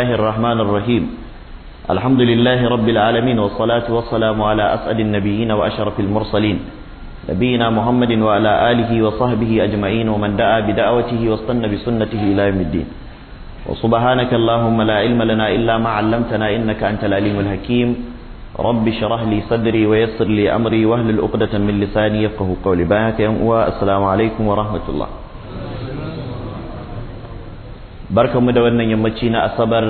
الله الرحمن الرحيم الحمد لله رب العالمين والصلاة والسلام على أسعد النبيين وأشرف المرسلين نبينا محمد وعلى آله وصحبه أجمعين ومن دعا بدعوته واستنى بسنته إلى يوم الدين وسبحانك اللهم لا علم لنا إلا ما علمتنا إنك أنت العليم الحكيم رب شرح لي صدري ويسر لي أمري واهل الأقدة من لساني يفقه قولي باك يا السلام عليكم ورحمة الله barkanmu da wannan yammaci na asabar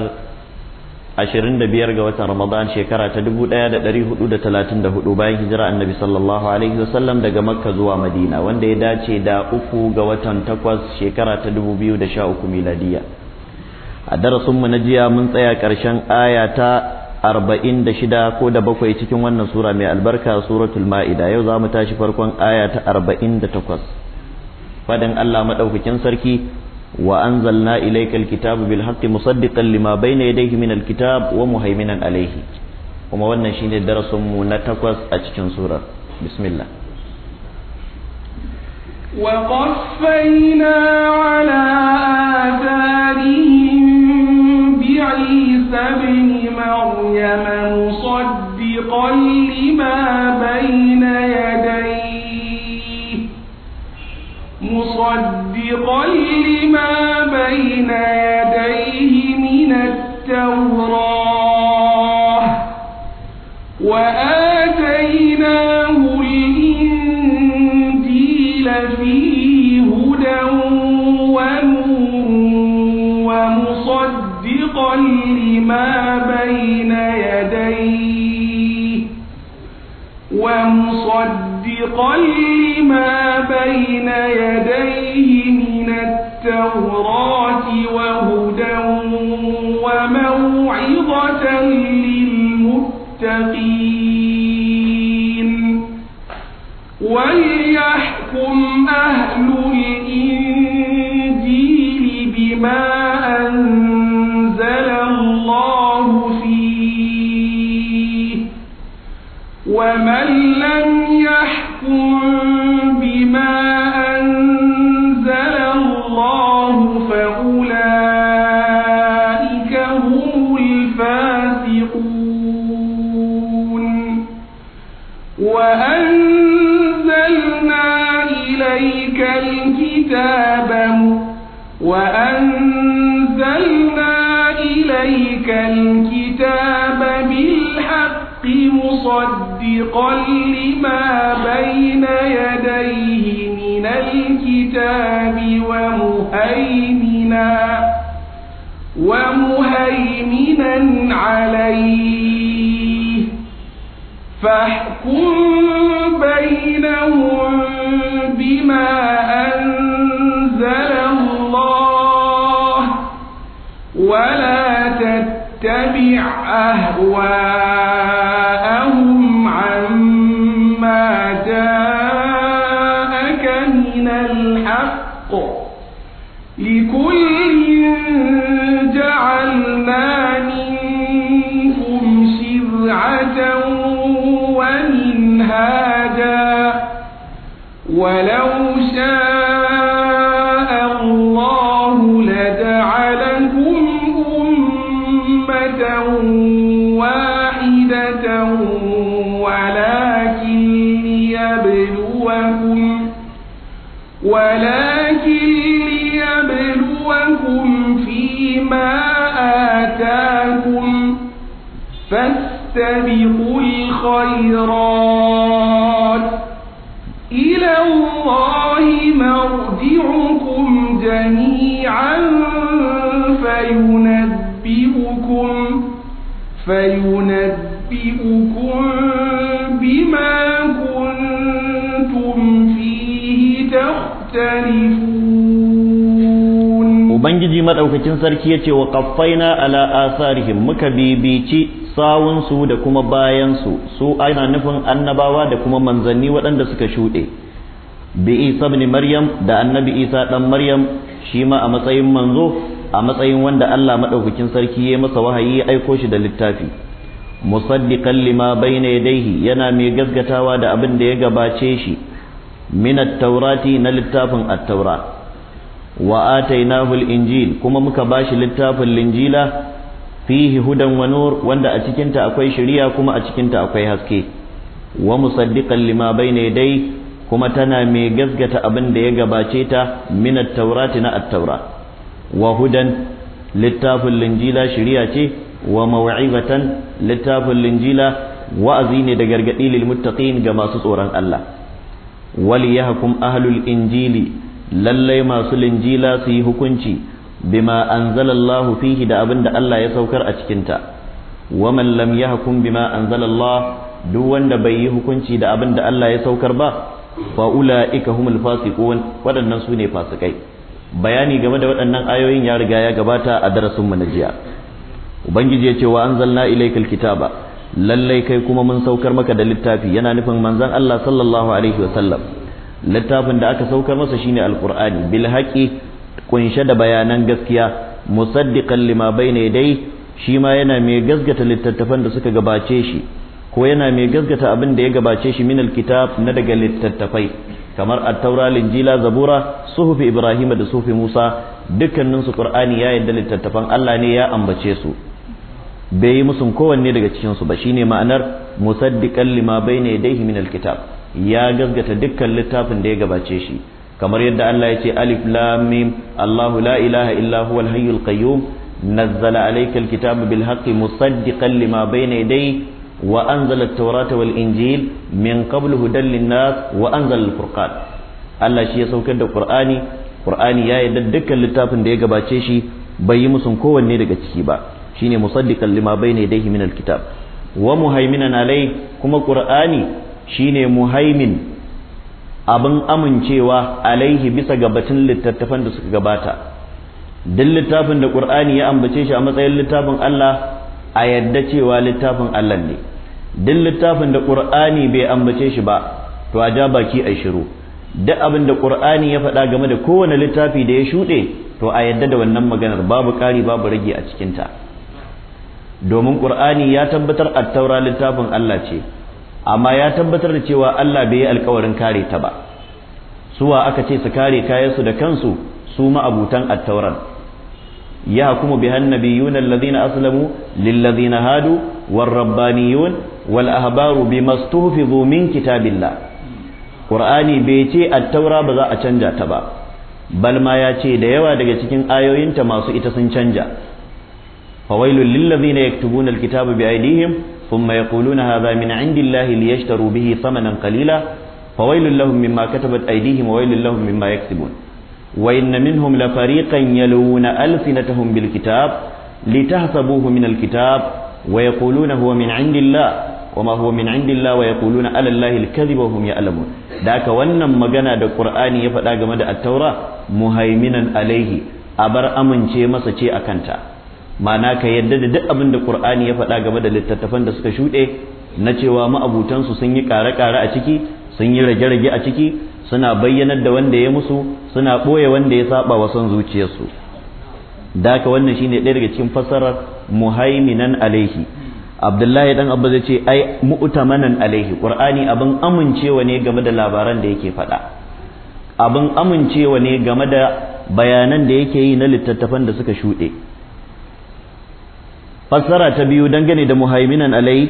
25 ga watan ramadan shekara ta 1434 bayan hijira annabi sallallahu alaihi wasallam daga makka zuwa madina wanda ya dace da uku ga watan takwas shekara ta 2013 miladiya a darasinmu na jiya mun tsaya ƙarshen aya ta 46 ko da bakwai cikin wannan sura mai albarka suratul ma'ida yau za mu tashi farkon aya ta 48 fadin allah maɗaukakin sarki وأنزلنا إليك الكتاب بالحق مصدقا لما بين يديه من الكتاب ومهيمنا عليه وما ولنا شين الدرس منتقص أتشن سورة بسم الله وقفينا على آثارهم بعيسى بن مريم مصدقا لما بين يديه مصدقا بخير ما بين يديه من التوراة وآتيناه الإنجيل فيه هدى ونور ومصدقا لما بين يديه ومصدقا مصدقا ما بين يديه من التوراة وهدى وموعظة للمتقين وليحكم أهل الإنجيل بما أنزل الله فيه ومن لم madaukakin sarki ya ce wa na ala asarihim muka bibici sawunsu da kuma bayansu su ana nufin annabawa da kuma manzanni waɗanda suka shuɗe bi isa ibn maryam da annabi isa dan maryam shi ma a matsayin manzo a matsayin wanda Allah madaukakin sarki ya masa wahayi ya aiko shi da littafi musaddiqan lima bayna yadayhi yana mai gaskatawa da abin da ya gabace shi min at-taurati na littafin at-taura wa atainahu al-injil kuma muka bashi littafin linjila fihi hudan wa nur wanda a cikin ta akwai shari'a kuma a cikin ta akwai haske wa musaddiqan lima bayna yadayhi kuma tana mai gasgata abin da ya gabace ta min at-taurati na at-taura wa hudan littafin linjila shari'a ce wa maw'izatan littafin linjila wa'azi ne da gargadi lil muttaqin ga masu tsoron Allah wal yahkum ahlul injili lallai masu linjila su yi hukunci bima anzalallahu fihi da abin da Allah ya saukar a cikinta wa man lam yahkum bima anzalallah duk wanda bai yi hukunci da abin da Allah ya saukar ba fa ulaika humul fasiqun waɗannan su ne fasikai bayani game da waɗannan ayoyin ya riga ya gabata a darasin mu na jiya ubangiji ya ce wa anzalna ilaykal kitaba lallai kai kuma mun saukar maka da littafi yana nufin manzon Allah sallallahu alaihi wasallam littafin da aka saukar masa shine alqur'ani bil haqi kunshe da bayanan gaskiya musaddiqan lima bayna yadai shi ma yana mai gaskata littattafan da suka gabace shi ko yana mai gaskata abin da ya gabace shi min alkitab na daga littattafai kamar at-taura linjila zabura suhufi ibrahima da suhufi musa dukkanin su qur'ani ya yadda littattafan Allah ne ya ambace su bai yi musun kowanne daga cikin su ba shine ma'anar musaddiqan lima bayna yadayhi min alkitab ya gaskata dukkan littafin da ya gabace shi kamar yadda Allah ya ce alif lam mim Allahu la ilaha illa huwal hayyul qayyum nazzala alaykal kitaba bil haqqi musaddiqan lima bayna yadayhi وأنزل التوراة min من قبل هدى للناس وأنزل الفرقان Allah shi ya saukar da Qur'ani Qur'ani ya yarda dukkan littafin da ya gabace shi bai yi musun kowanne daga ciki ba shine musaddiqan lima bayna yadayhi min kitab wa muhaiminan alai kuma Qur'ani shine muhaimin abin amincewa alaihi bisa ga batun littattafan da suka gabata duk littafin da qur'ani ya ambace shi a matsayin littafin Allah a yadda cewa littafin Allah ne duk littafin da qur'ani bai ambace shi ba to a ja baki a shiru duk abin da qur'ani ya faɗa game da kowane littafi da ya shuɗe to a yadda da wannan maganar babu ƙari babu rage a cikinta domin qur'ani ya tabbatar at-taura littafin Allah ce amma ya tabbatar da cewa Allah bai yi alkawarin kare ta ba suwa aka ce su kare kayansu da kansu su ma'abutan attauran ya hukumu bi hannabiyun alladhina aslamu lilladhina hadu war rabbaniyun wal ahbaru bimastuhfizu min kitabillah qur'ani bai ce attaura ba za a canja ta ba balma ya ce da yawa daga cikin ayoyinta masu ita sun canja فويل للذين يكتبون الكتاب بأيديهم ثم يقولون هذا من عند الله ليشتروا به ثمنا قليلا فويل لهم مما كتبت أيديهم وويل لهم مما يكسبون وإن منهم لفريقا يلوون ألسنتهم بالكتاب لتحسبوه من الكتاب ويقولون هو من عند الله وما هو من عند الله ويقولون على الله الكذب وهم يعلمون ذاك wannan magana da Qur'ani ya faɗa game da At-Taura muhaiminan alaihi abar amince masa ce akanta ma'ana ka yadda da duk abin da qur'ani ya faɗa game da littattafan da suka shuɗe na cewa ma'abutansu sun yi ƙare-ƙare a ciki sun yi rage-rage a ciki suna bayyanar da wanda ya musu suna ɓoye wanda ya saba wa son zuciyarsu daka haka wannan shine ɗaya daga cikin fassarar muhaiminan alaihi abdullahi dan abba zai ce ai mu'tamanan alaihi qur'ani abin amincewa ne game da labaran da yake faɗa abin amincewa ne game da bayanan da yake yi na littattafan da suka shuɗe fassara ta biyu dangane da muhaiminan alai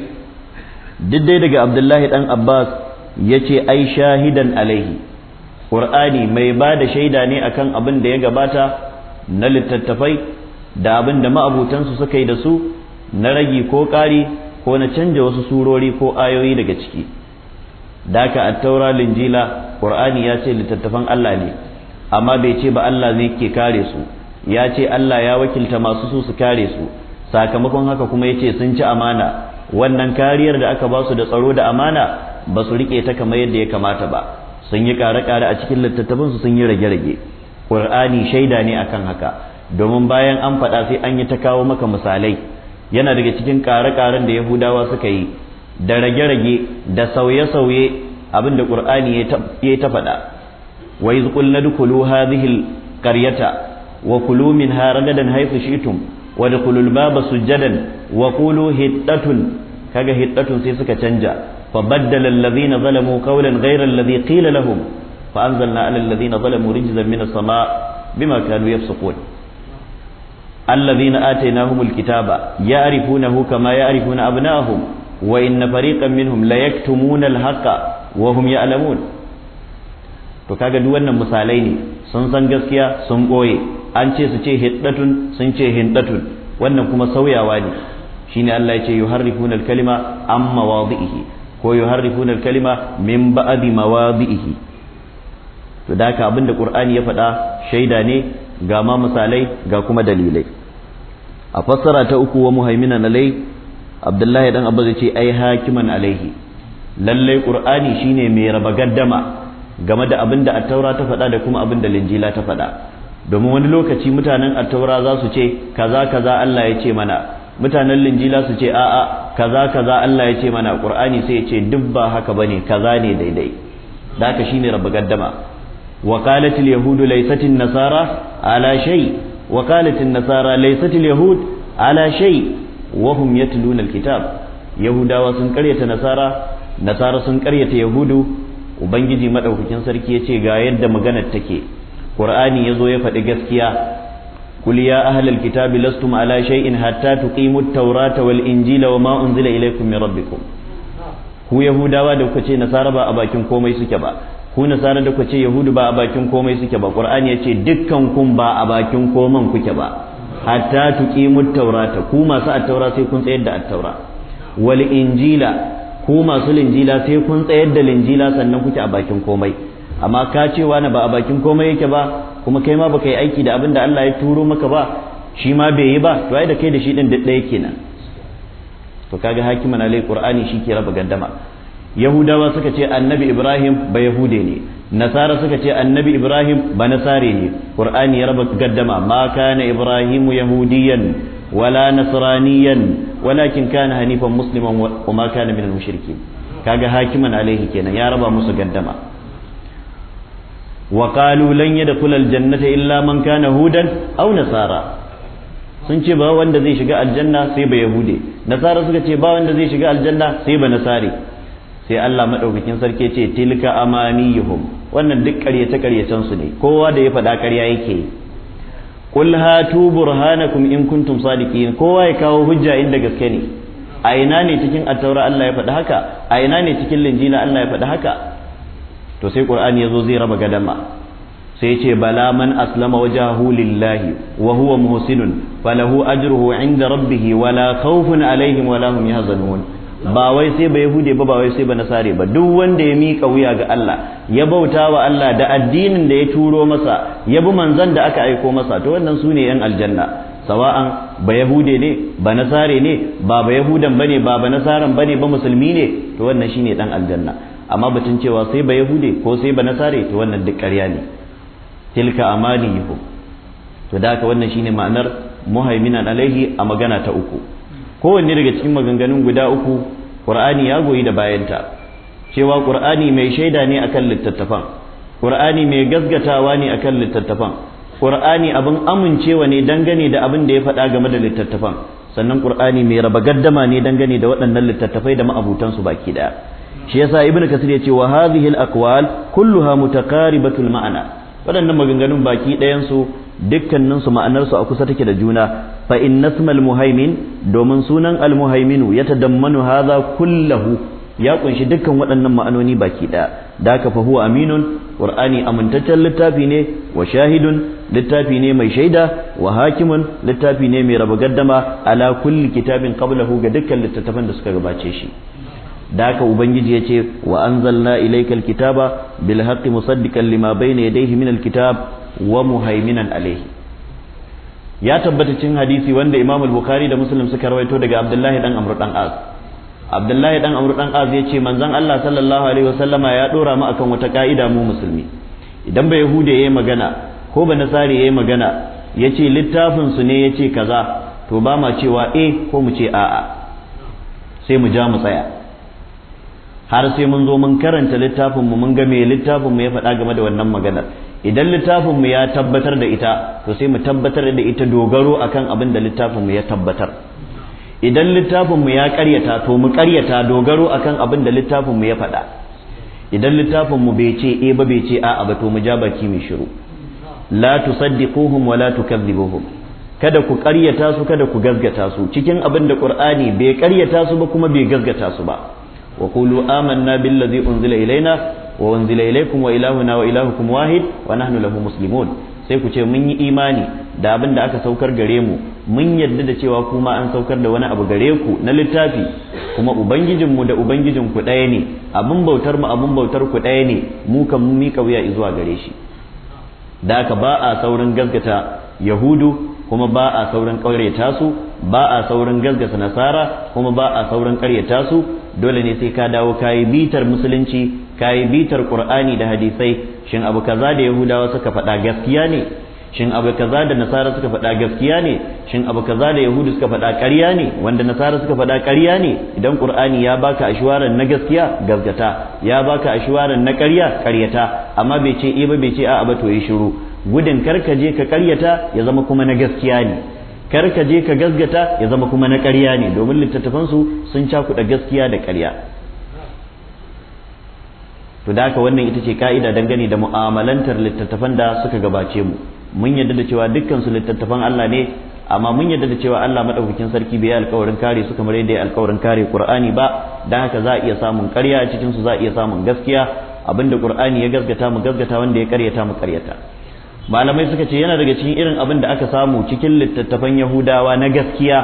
duk daga abdullahi dan abbas ya ce ai shahidan alaihi ƙur'ani mai ba da shaida ne akan abin da ya gabata na littattafai da abin da ma'abutansu suka yi da su na ragi ko ƙari ko na canja wasu surori ko ayoyi daga ciki daka taura linjila ƙur'ani ya ce littattafan allah ne amma bai ce ba allah ne ke kare su ya ce allah ya wakilta masu su su kare su sakamakon haka kuma ya ce sun ci amana wannan kariyar da aka ba su da tsaro da amana ba su rike ta kamar yadda ya kamata ba sun yi kare-kare a cikin littattafan su sun yi rage-rage qur'ani shaida ne akan haka domin bayan an faɗa sai an yi ta kawo maka misalai yana daga cikin kare ƙaren da yahudawa suka yi da rage-rage da sauye-sauye abin da qur'ani ya ta faɗa wa iz qulna dukulu hadhihi al-qaryata wa kulu minha ragadan haythu shi'tum wadkhulul baba sujadan wa qulu hiddatun kaga hiddatun sai suka canja fa baddala alladhina zalamu qawlan ghayra alladhi qila lahum fa anzalna ala alladhina zalamu rijzan min as-sama' bima kanu yafsukun na atainahumul kitaba ya ya'rifunahu kama ya'rifuna abna'ahum wa inna fariqan min la yaktumuna al-haqqa wa hum ya'lamun to kaga duk wannan misalai ne sun san gaskiya sun ɓoye. an ce su ce hiddatun sun ce hiddatun wannan kuma sauyawa ne shine Allah ya ce yuharrifuna al-kalima an mawadhihi ko yuharrifuna al-kalima min ba'di mawadhihi to da ka abinda Qur'ani ya faɗa shaida ne ga ma misalai ga kuma dalilai a fassara ta uku wa muhaiminan alai Abdullahi dan Abba ce ai hakiman alaihi lallai Qur'ani shine mai raba gaddama game da abinda at-taura ta faɗa da kuma abinda linjila ta faɗa domin wani lokaci mutanen attaura za su ce kaza kaza Allah ya ce mana mutanen linjila su ce a'a kaza kaza Allah ya ce mana qur'ani sai ya ce duk ba haka bane kaza ne daidai da shi shine rabu gaddama wa qalat al nasara ala shay wa qalat nasara laysat yahud ala shay wa hum yatluna kitab yahudawa sun karyata nasara nasara sun karyata yahudu ubangiji madaukakin sarki ya ce ga yadda maganar take qur'ani yazo ya faɗi gaskiya qul ya ahlal kitabi lastum ala shay'in hatta tuqimut tawrata wal injila wa ma unzila ilaykum min rabbikum ku yahudawa da kuka ce nasara ba a bakin komai suke ba ku nasara da kuka ce yahudu ba a bakin komai suke ba qur'ani yace dukkan kun ba a bakin komai kuke ba hatta tuqimut tawrata ku masu at-taura sai kun tsayar da at-taura wal injila ku masu linjila sai kun tsayar da linjila sannan kuke a bakin komai amma ka ce wani ba a bakin komai yake ba kuma kai ma baka yi aiki da abin da Allah ya turo maka ba shi ma bai yi ba to ai da kai da shi din duk ɗaya kenan to kaga hakiman alai qur'ani shi ke raba gandama yahudawa suka ce annabi ibrahim ba yahude ne nasara suka ce annabi ibrahim ba nasare ne qur'ani ya raba gaddama ma kana ibrahim yahudiyan wala nasraniyan walakin kana hanifan musliman wa ma kana minal mushrikin kaga hakiman alaihi kenan ya raba musu gaddama wa qalu lan yadkhul aljannata illa man kana hudan aw nasara sun ce ba wanda zai shiga aljanna sai ba yahude nasara suka ce ba wanda zai shiga aljanna sai ba nasari sai Allah madaukakin sarki ce tilka amaniyuhum wannan duk ƙaryace ƙaryacen su ne kowa da ya faɗa ƙarya yake qul hatu burhanakum in kuntum sadiqin kowa ya kawo hujja inda gaske ne a ina ne cikin attaura Allah ya faɗi haka a ina ne cikin linjila Allah ya faɗi haka to sai qur'ani yazo zai raba gadama sai ce bala man aslama wajahu lillahi wa huwa muhsinun falahu ajruhu inda rabbih wala khawfun alaihim wala hum yahzanun ba wai sai ba yahude ba ba wai sai ba nasare ba duk wanda ya mika wuya ga Allah ya bauta wa Allah da addinin da ya turo masa ya bi manzon da aka aiko masa to wannan sune yan aljanna sawa'an ba yahude ne ba nasare ne ba ba yahudan bane ba ba nasaran bane ba musulmi ne to wannan shine dan aljanna amma batun cewa sai ba yahude ko sai ba nasare to wannan duk ƙarya ne tilka amaniyuhum to da haka wannan shine ma'anar muhaiminan alaihi a magana ta uku kowanne daga cikin maganganun guda uku qur'ani ya goyi da bayanta cewa qur'ani mai shaida ne akan littattafan qur'ani mai gasgatawa ne akan littattafan qur'ani abin amincewa ne dangane da abin da ya faɗa game da littattafan sannan qur'ani mai raba gaddama ne dangane da waɗannan littattafai da ma'abutansu baki ɗaya shi yasa ibnu kasir yace wa hadhihi al-aqwal kulluha mutaqaribatul ma'ana waɗannan maganganun baki ɗayansu su dukkanin su ma'anar su a kusa take da juna fa inna ismal muhaimin domin sunan al-muhaiminu yatadammanu hadha kullahu ya kunshi dukkan waɗannan ma'anoni baki ɗaya da haka fa huwa aminun qur'ani amintaccen littafi ne wa shahidun littafi ne mai shaida wa hakimun littafi ne mai raba gaddama ala kulli kitabin qablahu ga dukkan littattafan da suka gabace shi da haka ubangiji ya ce wa anzalna ilaykal kitaba bil haqqi musaddiqan lima bayna yadayhi min al kitab wa muhaiminan alayhi ya tabbata cin hadisi wanda imam al-bukhari da muslim suka rawaito daga abdullahi dan amru dan az abdullahi dan amru dan az ya ce manzon allah sallallahu alaihi wasallama ya dora mu akan wata ka'ida mu musulmi idan ba ya yayi magana ko ba nasari yayi magana yace littafin su ne yace kaza to ba ma cewa eh ko mu ce a'a sai mu ja mu tsaya har sai mun zo mun karanta littafin mu mun ga me littafin mu ya faɗa game da wannan maganar idan littafin mu ya tabbatar da ita to sai mu tabbatar da ita dogaro akan abin da littafin mu ya tabbatar idan littafin mu ya ƙaryata to mu ƙaryata dogaro akan abin da littafin mu ya faɗa idan littafin mu bai ce e ba bai ce a'a ba to mu ja baki mu shiru la tusaddiquhum wa la tukadzibuhum kada ku ƙaryata su kada ku gazgata su cikin abin da qur'ani bai ƙaryata su ba kuma bai gazgata su ba وقولوا آمنا بالذي أنزل إلينا وأنزل إليكم وإلهنا وإلهكم واحد ونحن له مسلمون sai ku ce mun yi imani da abin da aka saukar gare mu mun yadda da cewa kuma an saukar da wani abu gare ku na littafi kuma ubangijinmu da ubangijin ku ɗaya ne abin bautar mu abin bautar ku ɗaya ne mu kan mika wuya zuwa gare shi da aka ba a saurin gaskata yahudu kuma ba a saurin ƙaryata su ba a saurin gasgasa nasara kuma ba a saurin ƙaryata su dole ne sai ka dawo kayi bitar musulunci kayi bitar qur'ani da hadisai shin abu kaza da yahudawa suka faɗa gaskiya ne shin abu kaza da nasara suka faɗa gaskiya ne shin abu kaza da yahudu suka faɗa ƙarya ne wanda nasara suka faɗa ƙarya ne idan qur'ani ya baka ashwaran na gaskiya gaskata ya baka ashwaran na ƙarya ƙaryata amma bai ce eh ba bai ce a'a ba to yi shiru gudun karka je ka karyata ya zama kuma na gaskiya ne karka je ka gasgata ya zama kuma na karya ne domin littattafansu sun cakuɗa gaskiya da karya. to da haka wannan ita ce ka'ida dangane da mu'amalantar littattafan da suka gabace mu mun yadda da cewa dukkan su littattafan Allah ne amma mun yadda da cewa Allah madaukakin sarki bai alƙawarin kare su kamar yadda ya alƙawarin kare Qur'ani ba dan haka za a iya samun karya a cikin su za a iya samun gaskiya abinda Qur'ani ya gasgata mu gasgata wanda ya karyata mu karyata. malamai suka ce yana daga cikin irin abin da aka samu cikin littattafan yahudawa na gaskiya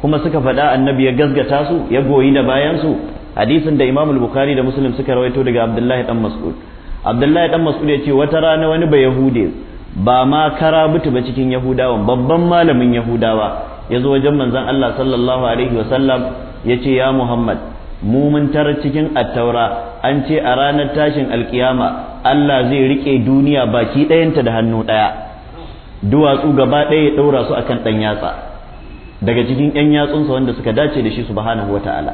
kuma suka faɗa annabi ya gasgata su ya goyi da bayansu hadisin da imam bukhari da muslim suka rawaito daga abdullahi dan mas'ud abdullahi dan mas'ud ya ce wata rana wani ba yahude ba ma kara butu ba cikin yahudawan babban malamin yahudawa ya zo wajen manzon allah sallallahu alaihi wasallam ya ce ya muhammad mu mun cikin attaura an ce a ranar tashin alkiyama Allah zai rike duniya baki ɗayanta da hannu ɗaya duwatsu gaba ɗaya ya ɗaura su akan ɗan yatsa daga cikin ƴan yatsunsa wanda suka dace da shi subhanahu wata'ala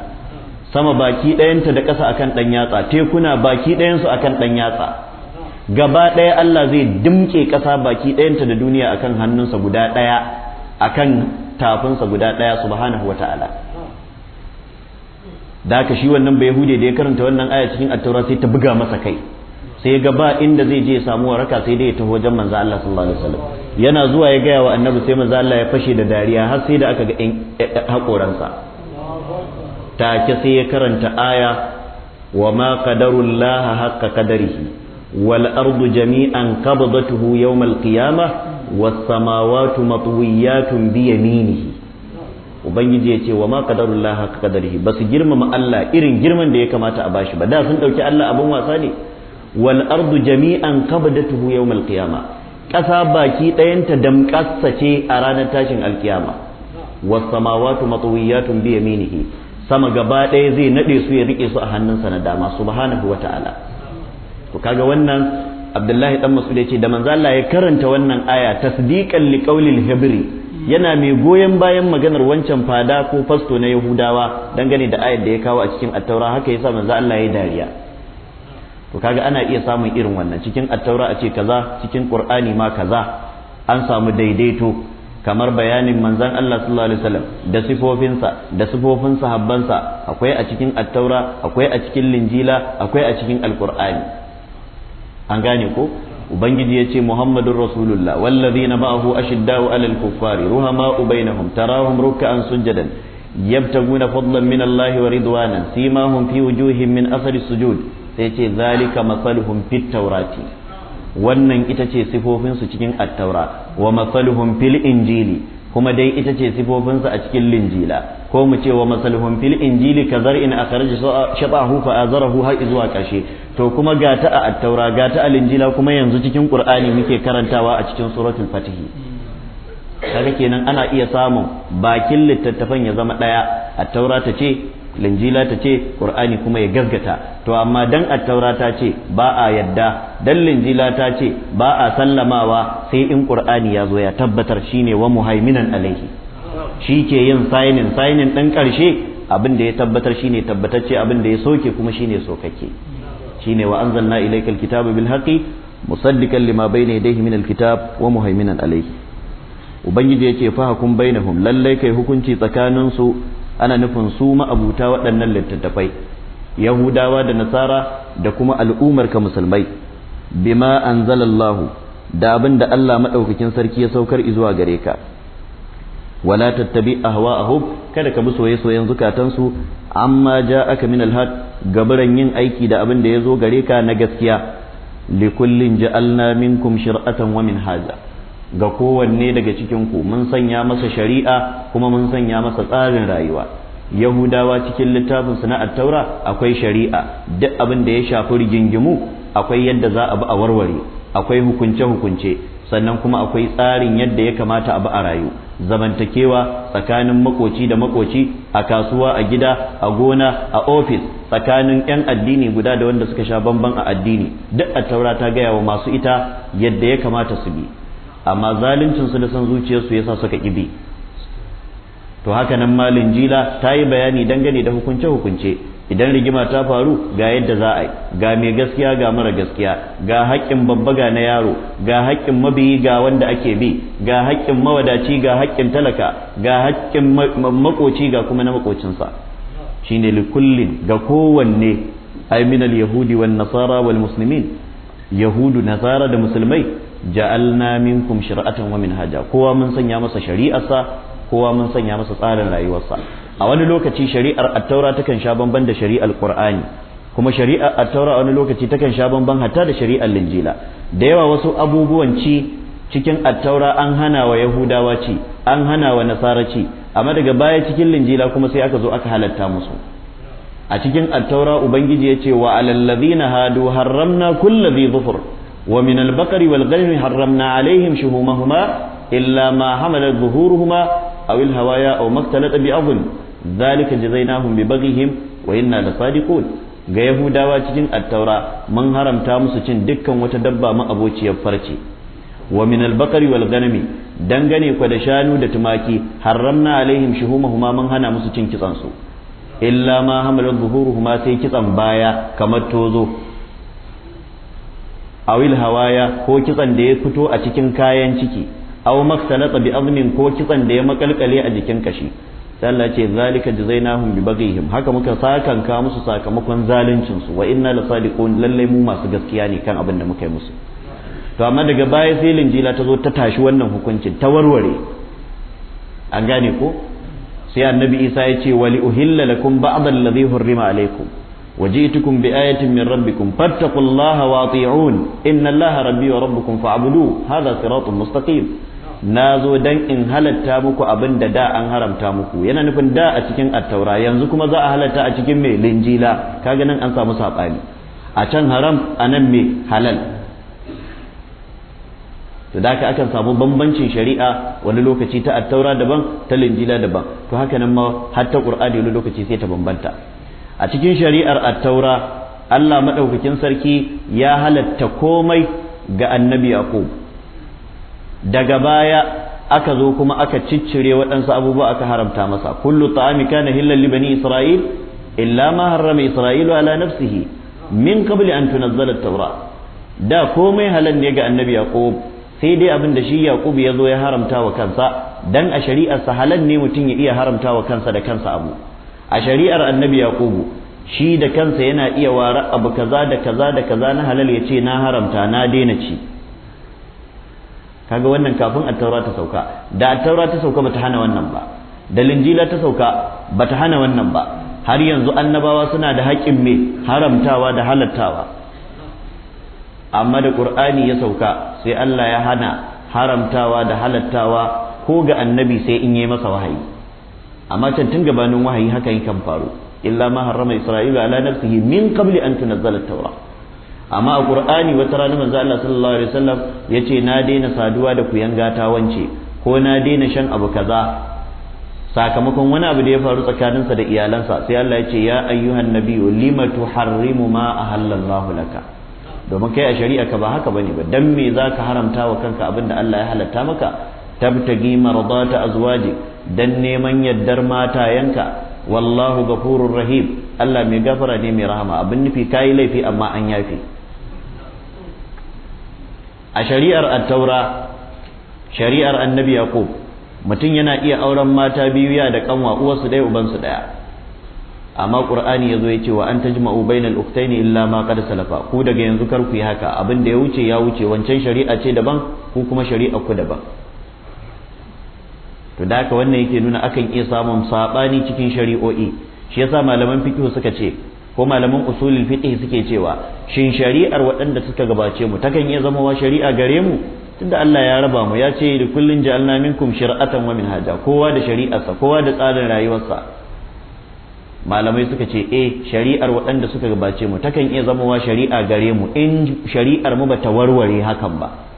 sama baki ɗayanta da ƙasa akan ɗan yatsa tekuna baki ɗayansu akan ɗan yatsa gaba ɗaya Allah zai dimke ƙasa baki ɗayanta da duniya akan hannunsa guda ɗaya akan tafinsa guda ɗaya subhanahu wata'ala da haka shi wannan bai hude da ya karanta wannan aya cikin attaura sai ta buga masa kai sai ga ba inda zai je ya samu waraka sai dai ya taho wajen manzo Allah sallallahu alaihi wasallam yana zuwa ya gaya wa annabi sai manzo Allah ya fashe da dariya har sai da aka ga eh, eh, hakoransa take sai ya karanta aya wa ma qadarullaha haqqa qadarihi wal ardu jami'an qabdatuhu yawm al qiyamah was samawati matwiyatun bi yaminihi ubangiji ya ce wa ma qadarullaha haqqa qadarihi basu girmama Allah irin girman da ya kamata a bashi ba da sun dauki Allah abun wasa ne wal ardu jami'an qabdatuhu tuhu qiyama ƙasa baki ɗayanta damƙasa ce a ranar tashin alkiyama was samawati matwiyatun bi yaminihi sama gaba ɗaya zai naɗe su ya riƙe su a hannunsa na dama subhanahu wa ta'ala to kaga wannan abdullahi dan masu ce da manzo Allah ya karanta wannan aya tasdiqan liqaulil hibri yana mai goyon bayan maganar wancan fada ko fasto na yahudawa dangane da ayar da ya kawo a cikin attaura haka yasa manzo Allah ya dariya to kaga ana iya samun irin wannan cikin attaura a ce kaza cikin qur'ani ma kaza an samu daidaito kamar bayanin manzan Allah sallallahu alaihi wasallam da sifofinsa da sifofin sahabbansa akwai a cikin attaura akwai a cikin linjila akwai a cikin alqur'ani an gane ko ubangiji ya ce muhammadun rasulullah wallazina ma'ahu ashiddau alal kuffari ruhama'u bainahum tarahum ruk'an sujadan yabtaguna fadlan min Allah wa ridwanan simahum fi wujuhihim min athari sujud sai ce zalika masaluhum fit taurati wannan ita ce sifofinsu cikin attaura wa masaluhum fil injili kuma dai ita ce sifofinsu a cikin linjila ko mu ce wa masaluhum fil injili ka zar'in akhraja shabahu fa azarahu har zuwa karshe to kuma ga ta a attaura ga ta a linjila kuma yanzu cikin qur'ani muke karantawa a cikin suratul fatihi kaga kenan ana iya samun bakin littattafan ya zama daya taura ta ce linjila ta ce ƙur'ani kuma ya gasgata to amma dan attaura ta ce ba a yadda dan linjila ta ce ba a sallamawa sai in ƙur'ani ya zo ya tabbatar ne wa muhaiminan alaihi shi ke yin sainin sainin ɗan ƙarshe abin da ya tabbatar shine tabbatacce abin da ya soke kuma shine sokake shine wa anzalna ilaykal kitaba bil haqqi musaddikan lima bayna yadayhi min al kitab wa muhaiminan alaihi ubangiji yake fa hukum bainahum lallai kai hukunci tsakaninsu ana nufin su ma'abuta waɗannan littattafai yahudawa da nasara da kuma al'ummar ka musulmai bima anzalallahu da abin da Allah maɗaukakin sarki ya saukar izuwa gare ka wala tattabi ahwa'ahum kada ka bi soye-soyen zukatansu amma aka min alhaq gabaran yin aiki da abin da ya zo gare ka na gaskiya likullin ja'alna minkum shir'atan wa haza. ga kowanne daga cikin ku mun sanya masa shari'a kuma mun sanya masa tsarin rayuwa yahudawa cikin littafin su na attaura akwai shari'a duk abin da ya shafi rigingimu akwai yadda za a bi a warware akwai hukunce hukunce sannan kuma akwai tsarin yadda ya kamata a bi a rayu zamantakewa tsakanin makoci da makoci a kasuwa a gida a gona a ofis tsakanin 'yan addini guda da wanda suka sha bamban a addini duk attaura ta gaya wa masu ita yadda ya kamata su bi amma zaluncin su da san zuciyarsu yasa suka kibi to haka nan malin jila ta yi bayani dangane da hukunce hukunce idan rigima ta faru ga yadda za a yi ga mai gaskiya ga mara gaskiya ga haƙƙin babba ga na yaro ga haƙƙin mabiyi ga wanda ake bi ga haƙƙin mawadaci ga haƙƙin talaka ga haƙƙin makoci ga kuma na makocinsa shine likullin ga kowanne ai minal yahudi wan nasara wal muslimin yahudu nasara da musulmai ja'alna minkum shir'atan wa minhaja kowa mun sanya masa shari'arsa kowa mun sanya masa tsarin rayuwarsa a wani lokaci shari'ar at-taura takan sha bamban da shari'ar qur'ani kuma shari'ar at-taura a wani lokaci takan sha bamban hatta da shari'ar linjila da yawa wasu abubuwan ci cikin at-taura an hana wa yahudawa ci an hana wa nasara ci amma daga baya cikin linjila kuma sai aka zo aka halatta musu a cikin attaura ubangiji ya ce wa na hadu harramna kulli dhufur ومن البقر والغنم حرمنا عليهم شهومهما إلا ما حملت ظهورهما أو الهوايا أو ما اختلط بأظن ذلك جزيناهم ببغيهم وإنا لصادقون ga Yahudawa cikin attaura mun haramta musu cin dukkan wata dabba ma'abociyar farce wa min al-bakari wal ganami dangane kwa da shanu da tumaki haramna alaihim shuhumahuma mun hana musu cin kitsan su illa ma hamalat zuhuruhuma sai kitsan baya kamar tozo awil hawaya ko kitsan da ya fito a cikin kayan ciki aw maksanata bi azmin ko kitsan da ya makalkale a jikin kashi sai Allah ce zalika jazainahum bi baghihim haka muka sakan ka musu sakamakon zaluncin su wa inna lasadiqun lalle mu masu gaskiya ne kan abin da muka yi musu to amma daga baya sai linjila ta zo ta tashi wannan hukuncin ta warware an gane ko sai annabi isa ya ce wali uhilla lakum ba'd allazi hurrima alaikum وجئتكم بآية من ربكم فاتقوا الله واطيعون إن الله ربي وربكم فاعبدوه هذا صراط مستقيم nazo dan in halatta muku abinda da an haramta muku yana nufin da a cikin attaura yanzu kuma za a halatta a cikin mai linjila kaga nan an samu saɓani a can haram a nan mai halal to da akan samu bambancin shari'a wani lokaci ta attaura daban ta linjila daban to hakanan nan ma har ta qur'ani wani lokaci sai ta bambanta a cikin shari'ar attaura taura Allah maɗaukakin sarki ya halatta komai ga annabi yaqub daga baya aka zo kuma aka ciccire waɗansu abubuwa aka haramta masa kullu ta'ami kana hillal li bani isra'il illa ma harrama isra'ilu ala nafsihi min qabli an tunazzala at-taura da komai halal ne ga annabi yaqub sai dai abin da shi yaqub ya zo ya haramta wa kansa dan a shari'arsa halal ne mutum ya iya haramta wa kansa da kansa abu a shari'ar annabi yaqubu shi da kansa yana iya ware abu kaza da kaza da kaza na halal ya ce na haramta na daina ci kaga wannan kafin attaura ta sauka da attaura ta sauka bata hana wannan ba da linjila ta sauka bata hana wannan ba har yanzu annabawa suna da haƙƙin me haramtawa da halattawa amma da qur'ani ya sauka sai Allah ya hana haramtawa da halattawa ko ga annabi sai in yi masa wahayi amma can tun gabanin wahayi haka yakan faru illa ma harrama isra'ila ala nafsihi min qabli an tunzala at-taura amma a qur'ani wata rana manzo Allah sallallahu alaihi wasallam yace na daina saduwa da yanga ta wance ko na daina shan abu kaza sakamakon wani abu da ya faru tsakaninsa da iyalansa sai Allah ya ce ya ayyuhan nabiyyu limatu harrimu ma ahallallahu laka domin kai a shari'a ka ba haka bane ba dan me zaka haramta wa kanka abin da Allah ya halatta maka tabtagi maradata azwaji dan neman yaddar yanka, wallahu gafurur rahim Allah mai gafara ne mai rahama abin nufi kayi laifi amma an yafi a shari'ar at-taura shari'ar annabi yaqub mutum yana iya auren mata biyu ya da kanwa uwarsu uban ubansu daya, amma qur'ani yazo yace wa an tajma'u bainal ukhtaini illa ma qad salafa ku daga yanzu kar ku yi haka abin da ya wuce ya wuce wancan shari'a ce daban ku kuma shari'a ku daban to da haka wannan yake nuna akan iya samun sabani cikin shari'o'i shi yasa malaman fiqh suka ce ko malaman usulul fiqh suke cewa shin shari'ar waɗanda suka gabace mu takan iya zama wa shari'a gare mu tunda Allah ya raba mu ya ce da kullun ja'alna minkum shir'atan wa minhaja kowa da shari'arsa kowa da tsarin rayuwarsa malamai suka ce eh shari'ar waɗanda suka gabace mu takan iya zama wa shari'a gare mu in shari'ar mu bata warware hakan ba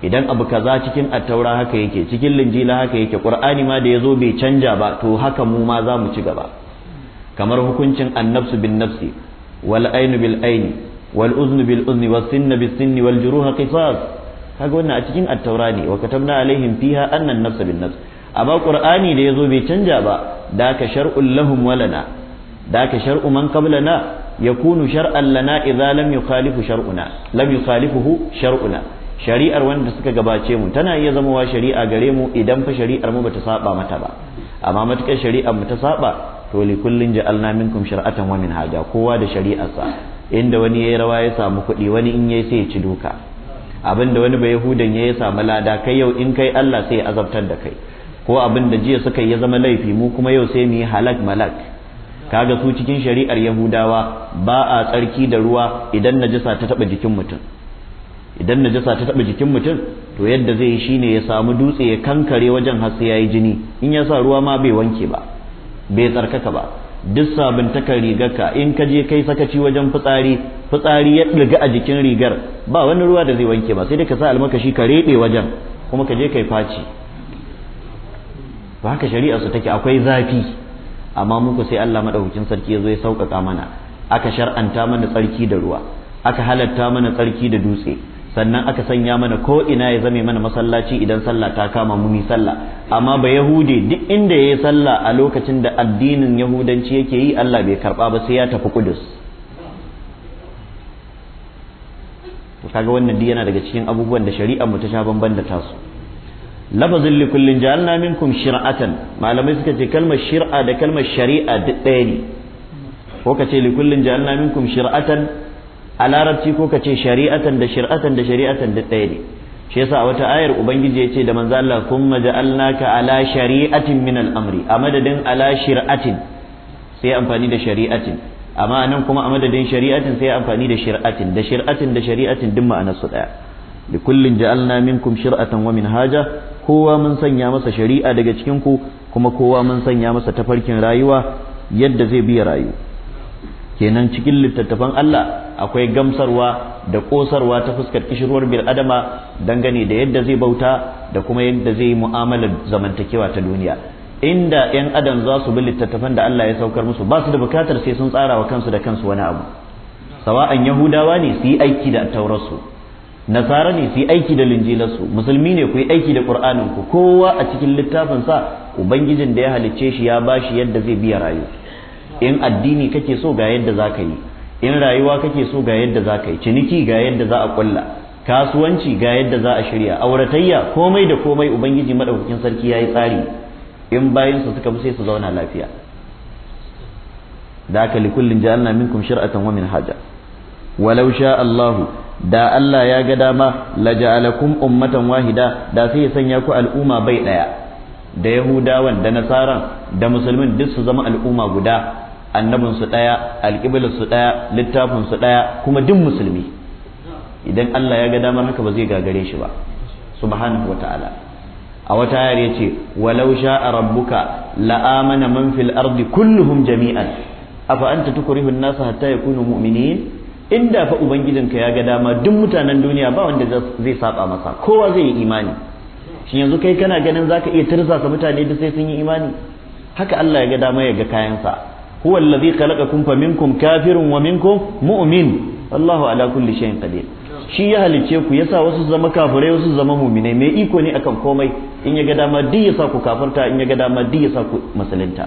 idan abu kaza cikin attaura haka yake cikin linjila haka yake qur'ani ma da yazo bai canja ba to haka mu ma za mu ci gaba kamar hukuncin annafsu bin nafsi wal ainu bil aini wal uznu bil uzni was sinna bis sinni wal juruha qisas kaga wannan a cikin attaura ne wa katabna alaihim fiha anna an bin nafs amma qur'ani da yazo bai canja ba da ka shar'ul lahum walana da ka shar'u man qablana yakunu shar'an lana idza lam yukhalifu shar'una lam yukhalifuhu shar'una shari'ar wanda suka gabace mu tana iya zamowa shari'a gare mu idan fa shari'ar mu bata saba mata ba amma matukar shari'ar mu ta saba to li kullin ja'alna minkum shar'atan wa haja kowa da shari'arsa inda wani yayi rawa ya samu kuɗi wani in yayi sai ya ci duka abinda wani bai yahudan ya samu lada kai yau in kai Allah sai ya azabtar da kai ko abinda jiya suka ya zama laifi mu kuma yau sai mu yi halak malak kaga su cikin shari'ar yahudawa ba a tsarki da ruwa idan najasa ta taba jikin mutum idan najasa ta taba jikin mutum to yadda zai yi shine ya samu dutse ya kankare wajen har ya yi jini in ya sa ruwa ma bai wanke ba bai tsarkaka ba duk sabuntakar rigarka in ka je kai sakaci wajen fitsari fitsari ya ɗiga a jikin rigar ba wani ruwa da zai wanke ba sai dai ka sa almakashi ka reɗe wajen kuma ka je kai faci ba haka shari'a su take akwai zafi amma muku sai Allah madaukakin sarki ya zo ya sauƙaƙa mana aka shar'anta mana tsarki da ruwa aka halatta mana tsarki da dutse sannan aka sanya mana ko ina ya zame mana masallaci idan sallah ta kama mu mi sallah amma ba yahude duk inda yayi sallah a lokacin da addinin yahudanci yake yi Allah bai karba ba sai ya tafi kudus to kaga wannan duk yana daga cikin abubuwan da shari'ar mu ta sha bamban da tasu lafazin li kullin ja'alna minkum shir'atan malamai suka ce kalmar shir'a da kalmar shari'a duk ɗaya ne ko ka ce li kullin ja'alna minkum shir'atan a larabci ko ka ce shari'atan da shir'atan da shari'atan da ɗaya ne shi yasa a wata ayar ubangiji ya ce da manzo Allah kun maja'alnaka ala shari'atin min al-amri a madadin ala shir'atin sai amfani da shari'atin amma anan kuma a madadin shari'atin sai amfani da shir'atin da shir'atin da shari'atin duk ma'anar su daya li kullin ja'alna minkum shir'atan wa minhaja kowa mun sanya masa shari'a daga cikin ku kuma kowa mun sanya masa tafarkin rayuwa yadda zai biya rayu kenan cikin littattafan Allah akwai gamsarwa da kosarwa ta fuskar kishirwar bil adama dangane da yadda zai bauta da kuma yadda zai mu'amalar zamantakewa ta duniya inda yan adam za su bi littattafan da Allah ya saukar musu ba su da bukatar sai sun tsara wa kansu da kansu wani abu sawa'an yahudawa ne su yi aiki da taurarsu nasara ne su yi aiki da linjilarsu musulmi ne ku yi aiki da qur'anin kowa a cikin sa ubangijin da ya halicce shi ya bashi yadda zai biya rayu in addini kake so ga yadda za ka yi in rayuwa kake so ga yadda za ka yi ciniki ga yadda za a kulla kasuwanci ga yadda za a shirya auratayya komai da komai ubangiji madaukakin sarki ya yi tsari in bayansu suka fi sai su zauna lafiya da aka likullin ja'alna minkum shir'atan wa minhaja walau sha Allahu da Allah ya ga dama la ja'alakum ummatan wahida da sai ya sanya ku al'umma bai daya da yahudawan da nasaran da musulmin duk su zama al'umma guda annabin su daya alƙiblar su daya littafin su daya kuma duk musulmi idan Allah ya ga damar haka ba zai gagare shi ba subhanahu wataala a wata ayar yace walau sha'a rabbuka la'amana man fil ardi kulluhum jami'an afa anta tukrihu an-nasa hatta yakunu mu'minin inda fa ubangijinka ya ga dama duk mutanen duniya ba wanda zai saba masa kowa zai yi imani shi yanzu kai kana ganin zaka iya tirsasa mutane da sai sun yi imani haka Allah ya ga dama ya ga kayansa huwa alladhi kumfaminku faminkum kafirun wa Allahu ala kulli shay'in shi ya halicce ku yasa wasu zama kafirai wasu zama mu'minai mai iko ne akan komai in ya ga dama duk sa ku kafirta in ya ga dama duk sa ku musulunta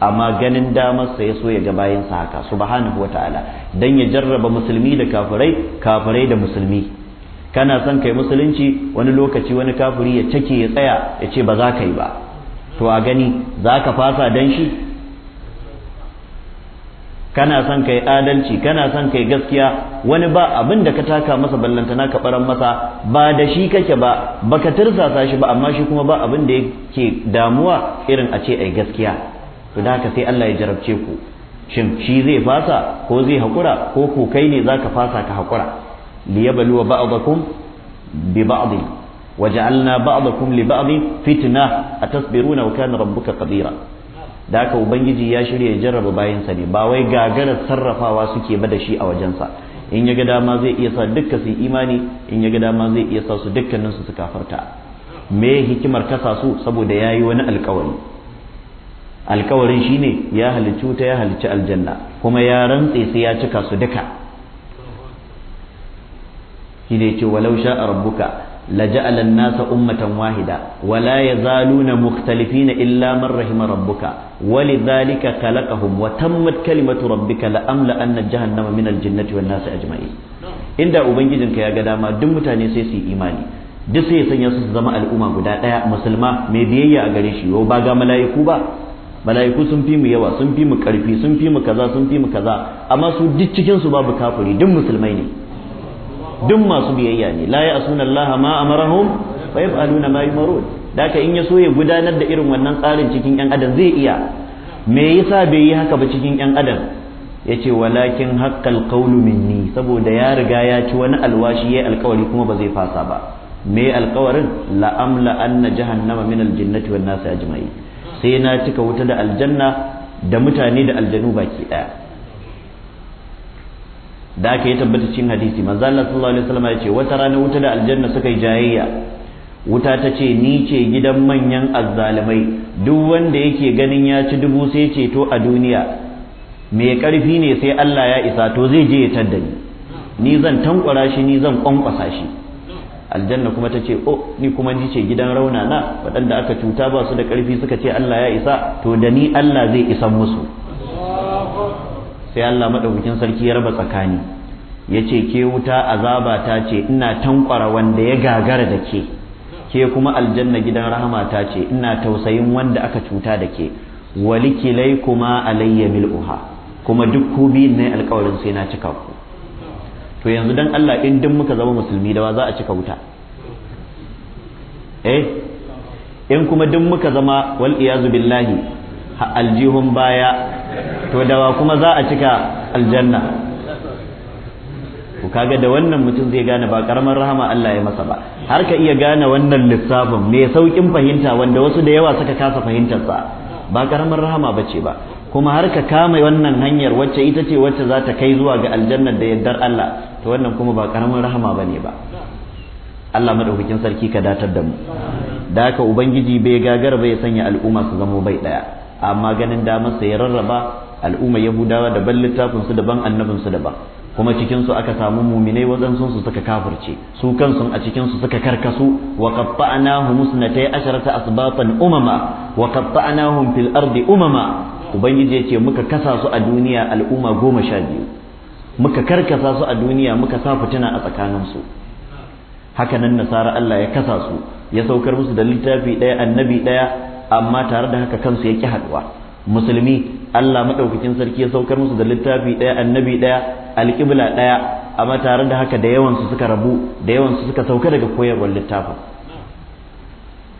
amma ganin damarsa ya so ya ga bayansa haka subhanahu wata'ala dan ya jarraba musulmi da kafirai kafirai da musulmi kana son kai musulunci wani lokaci wani kafiri ya cake ya tsaya ya ce ba za ka yi ba to a gani za ka fasa dan shi kana son kai adalci kana son kai gaskiya wani ba abin da ka taka masa ballantana ka baran masa ba da shi kake ba baka tirsasa shi ba amma shi kuma ba abin da yake damuwa irin a ce ai gaskiya to da haka sai Allah ya jarabce ku shin shi zai fasa ko zai hakura ko ko kai ne zaka fasa ka hakura liyabluwa ba'dakum bi ba'd waja'alna ba'dakum li ba'd fitna atasbiruna wa kana rabbuka qadira da haka ubangiji ya shirya jarraba jarraba bayansa ne ba wai gagarar sarrafawa suke ba da shi a wajensa in ya ga dama zai iya sa dukka su imani in ya ga dama zai iya sa su dukkanin su su kafarta me hikimar kasa su saboda ya yi wani alkawari alkawarin shine ya halicci wuta ya halicci aljanna kuma ya rantse sai ya cika su duka shi ne ce walau sha'a rabbuka لجعل الناس أمة واحدة ولا يزالون مختلفين إلا من رحم ربك ولذلك خلقهم وتمت كلمة ربك لأملأن جهنم من الجنة والناس أجمعين إن دا أبنجزنك يا قداما ka ya ga إيماني duk sai ya sanya su su zama al'umma guda ɗaya musulma mai biyayya a gare shi yau ba ga mala'iku ba mala'iku sun fi mu yawa sun fi mu ƙarfi sun mu kaza sun fi kaza amma su duk cikin su babu kafuri duk musulmai ne duk masu biyayya ne la ya'suna Allah ma amarahum fa yaf'aluna ma yumarun daka in ya so ya gudanar da irin wannan tsarin cikin yan adam zai iya me yasa bai yi haka ba cikin yan adam yace walakin haqqal qawlu minni saboda ya riga ya ci wani alwashi yayi alkawari kuma ba zai fasa ba me alkawarin la amla anna jahannama min aljannati wan nasi ajma'in sai na cika wuta da aljanna da mutane da aljanu baki daya da aka yi tabbata cikin hadisi manzo Allah sallallahu alaihi wasallam ya ce wata rana wuta da aljanna suka yi jayayya wuta ta ce ni ce gidan manyan azzalumai duk wanda yake ganin ya ci dubu sai ce to a duniya mai karfi ne sai Allah ya isa to zai je ya tadda ni zan tankwara shi ni zan kwankwasa shi aljanna kuma ta ce oh ni kuma ni ce gidan rauna na waɗanda aka cuta ba su da karfi suka ce Allah ya isa to da ni Allah zai isa musu sai Allah madaukakin sarki ya raba tsakani yace ke wuta azaba ta ce ina tankwara wanda ya gagara da ke ke kuma aljanna gidan rahama ta ce ina tausayin wanda aka cuta da ke walikilai kuma alayya mil'uha kuma duk ku biyun ne alkawarin sai na cika ku to yanzu dan Allah in duk muka zama musulmi da za a cika wuta eh in kuma duk muka zama wal iyazu billahi aljihun baya to dawa kuma za a cika aljanna ku kaga da wannan mutum zai gane ba karamar rahama Allah ya masa ba har ka iya gane wannan lissafin mai saukin fahimta wanda wasu da yawa suka kasa fahimtarsa ba karamar rahama bace ba kuma har ka kama wannan hanyar wacce ita ce wacce za ta kai zuwa ga aljannar da yardar Allah to wannan kuma ba karamin rahama bane ba Allah madaukakin sarki ka datar da mu da haka ubangiji bai gagar bai sanya al'umma su zama bai daya amma ganin damar sa ya rarraba al'umma yahudawa daban littafin daban annabinsu daban kuma cikin su aka samu muminai waɗansu su suka kafirce su kansu a cikin su suka karkasu wa qatta'nahum musnatai asharata asbatan umama wa qatta'nahum fil ardi umama ubangiji yace muka kasa su a duniya al'umma goma sha biyu muka karkasa su a duniya muka sa fitina a tsakanin su haka nan nasara Allah ya kasa su ya saukar musu da littafi ɗaya annabi ɗaya amma tare da haka kansu ya yake haduwa musulmi Allah madaukakin sarki ya saukar musu da littafi daya annabi daya alqibla daya amma tare da haka da yawan su suka rabu da yawan su suka sauka daga koyarwar littafin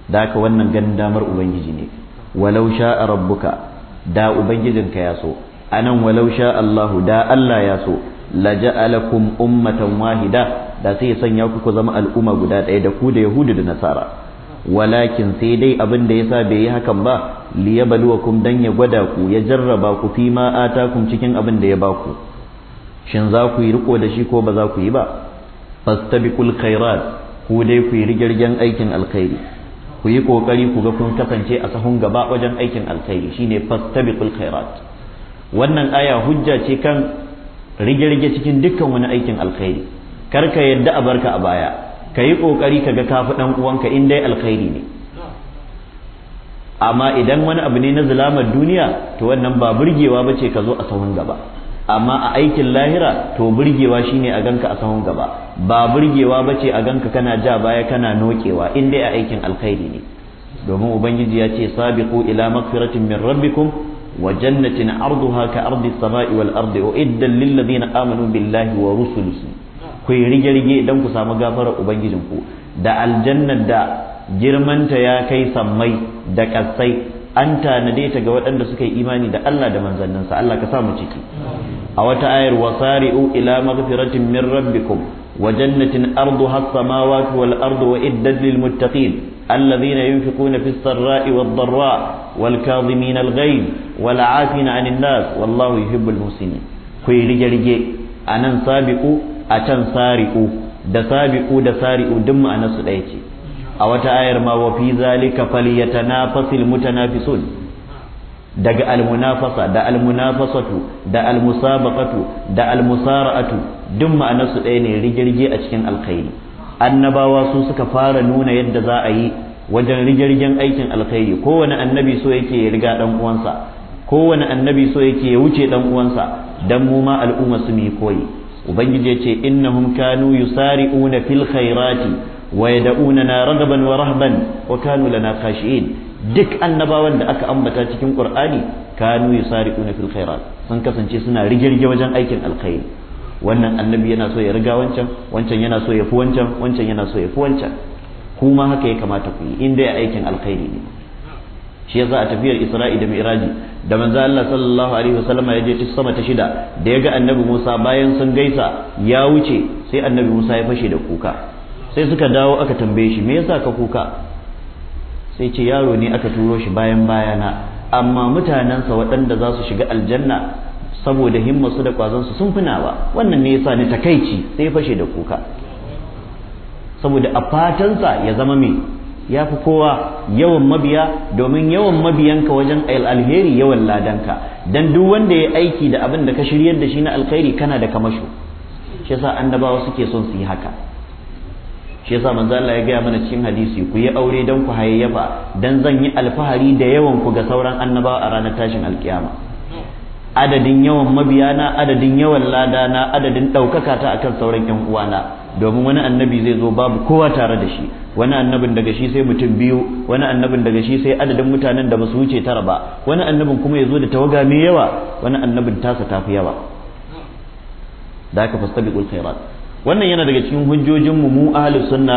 da haka wannan ganin damar ubangiji ne walau sha'a rabbuka da ubangijinka ya so anan walau sha Allahu da Allah ya so la ja'alakum ummatan wahida da sai ya sanya ku ku zama al'umma guda ɗaya da ku da yahudu da nasara walakin sai dai abin da yasa bai yi hakan ba liyabluwakum dan ya gwada ku ya jarraba ku fi ma atakum cikin abin da ya baku shin za ku yi riko da shi ko ba za ku yi ba fastabiqul khairat ku dai ku yi rigirgen aikin alkhairi ku yi kokari ku ga kun kasance a sahun gaba wajen aikin alkhairi shine fastabiqul khairat wannan aya hujja ce kan rigirge cikin dukkan wani aikin alkhairi kar ka yadda a barka a baya ka yi ƙoƙari ka ga kafi ɗan uwanka in dai alkhairi ne amma idan wani abu ne na zulamar duniya to wannan ba burgewa ba ce ka zo a sahun gaba amma a aikin lahira to burgewa shine a ganka a sahun gaba ba burgewa ba ce a ganka kana ja baya kana nokewa in dai a aikin alkhairi ne domin ubangiji ya ce sabiqu ila magfiratin min rabbikum wa jannatin arduha ka ardi samai wal ardi uiddat lil ladina amanu billahi wa rusulihi ku yi rige-rige don ku samu gafarar ubangijinku da aljannar da girmanta ya kai sammai da ƙasai an tanade ta ga waɗanda suka yi imani da Allah da manzanninsa Allah ka samu ciki a wata ayar wasari'u ila maghfiratin min rabbikum wa jannatin ardu as-samawati wal ardu wa iddat lil muttaqin alladhina yunfiquna fis sarra'i wad dharra wal kadhimin al ghayb wal 'afina 'anil nas wallahu yuhibbul muhsinin ku rige rige anan sabiqu a can sari'u da sabi'u da sari'u duk ma'anarsu ɗaya ce a wata ayar ma wa fi zalika fasil mutanafisun daga almunafasa da almunafasatu da almusabaqatu da almusara'atu duk ma'anarsu ɗaya ne rigirge a cikin alkhairi annabawa su suka fara nuna yadda za a yi wajen rigirgen aikin alkhairi kowane annabi so yake ya riga dan uwansa kowane annabi so yake ya wuce dan uwansa dan mu ma al'umma su mi koyi ubangiji ya ce inna kanu yusari'una fil khairati wa na ragaban wa rahban wa kanu lana khashi'in duk annabawan da aka ambata cikin qur'ani kanu yusari'una fil khairat sun kasance suna rigirge wajen aikin alkhairi wannan annabi yana so ya riga wancan wancan yana so ya fi wancan wancan yana so ya fi wancan kuma haka ya kamata ku yi in dai aikin alkhairi ne shi yasa a tafiyar Isra'i da Mi'raji da manzo Allah sallallahu alaihi wasallam ya je sama ta shida da ya ga annabi Musa bayan sun gaisa ya wuce sai annabi Musa ya fashe da kuka sai suka dawo aka tambaye shi me yasa ka kuka sai ce yaro ne aka turo shi bayan bayana amma mutanensa waɗanda za su shiga aljanna saboda himmarsu da su sun finawa wannan ne yasa ni takaici sai fashe da kuka saboda a fatansa ya zama mai ya fi kowa yawan mabiya domin yawan mabiyanka wajen alheri yawan ladanka dan duk wanda ya aiki da abin da ka shiryar da shi na alkhairi kana da kamasho shi yasa annabawa suke son su yi haka shi yasa manzo Allah ya gaya mana cikin hadisi ku yi aure dan ku hayayyafa dan zan yi alfahari da yawan ku ga sauran annabawa a ranar tashin alkiyama adadin yawan mabiyana adadin yawan lada na adadin ɗaukaka ta akan sauran yan uwana domin wani annabi zai zo babu kowa tare da shi wani annabin daga shi sai mutum biyu wani annabin daga shi sai adadin mutanen da basu wuce tara ba wani annabin kuma ya zo da tawaga mai yawa wani annabin tasa fi yawa da aka khairat wannan yana daga cikin hujjojin mu mu ahlus sunna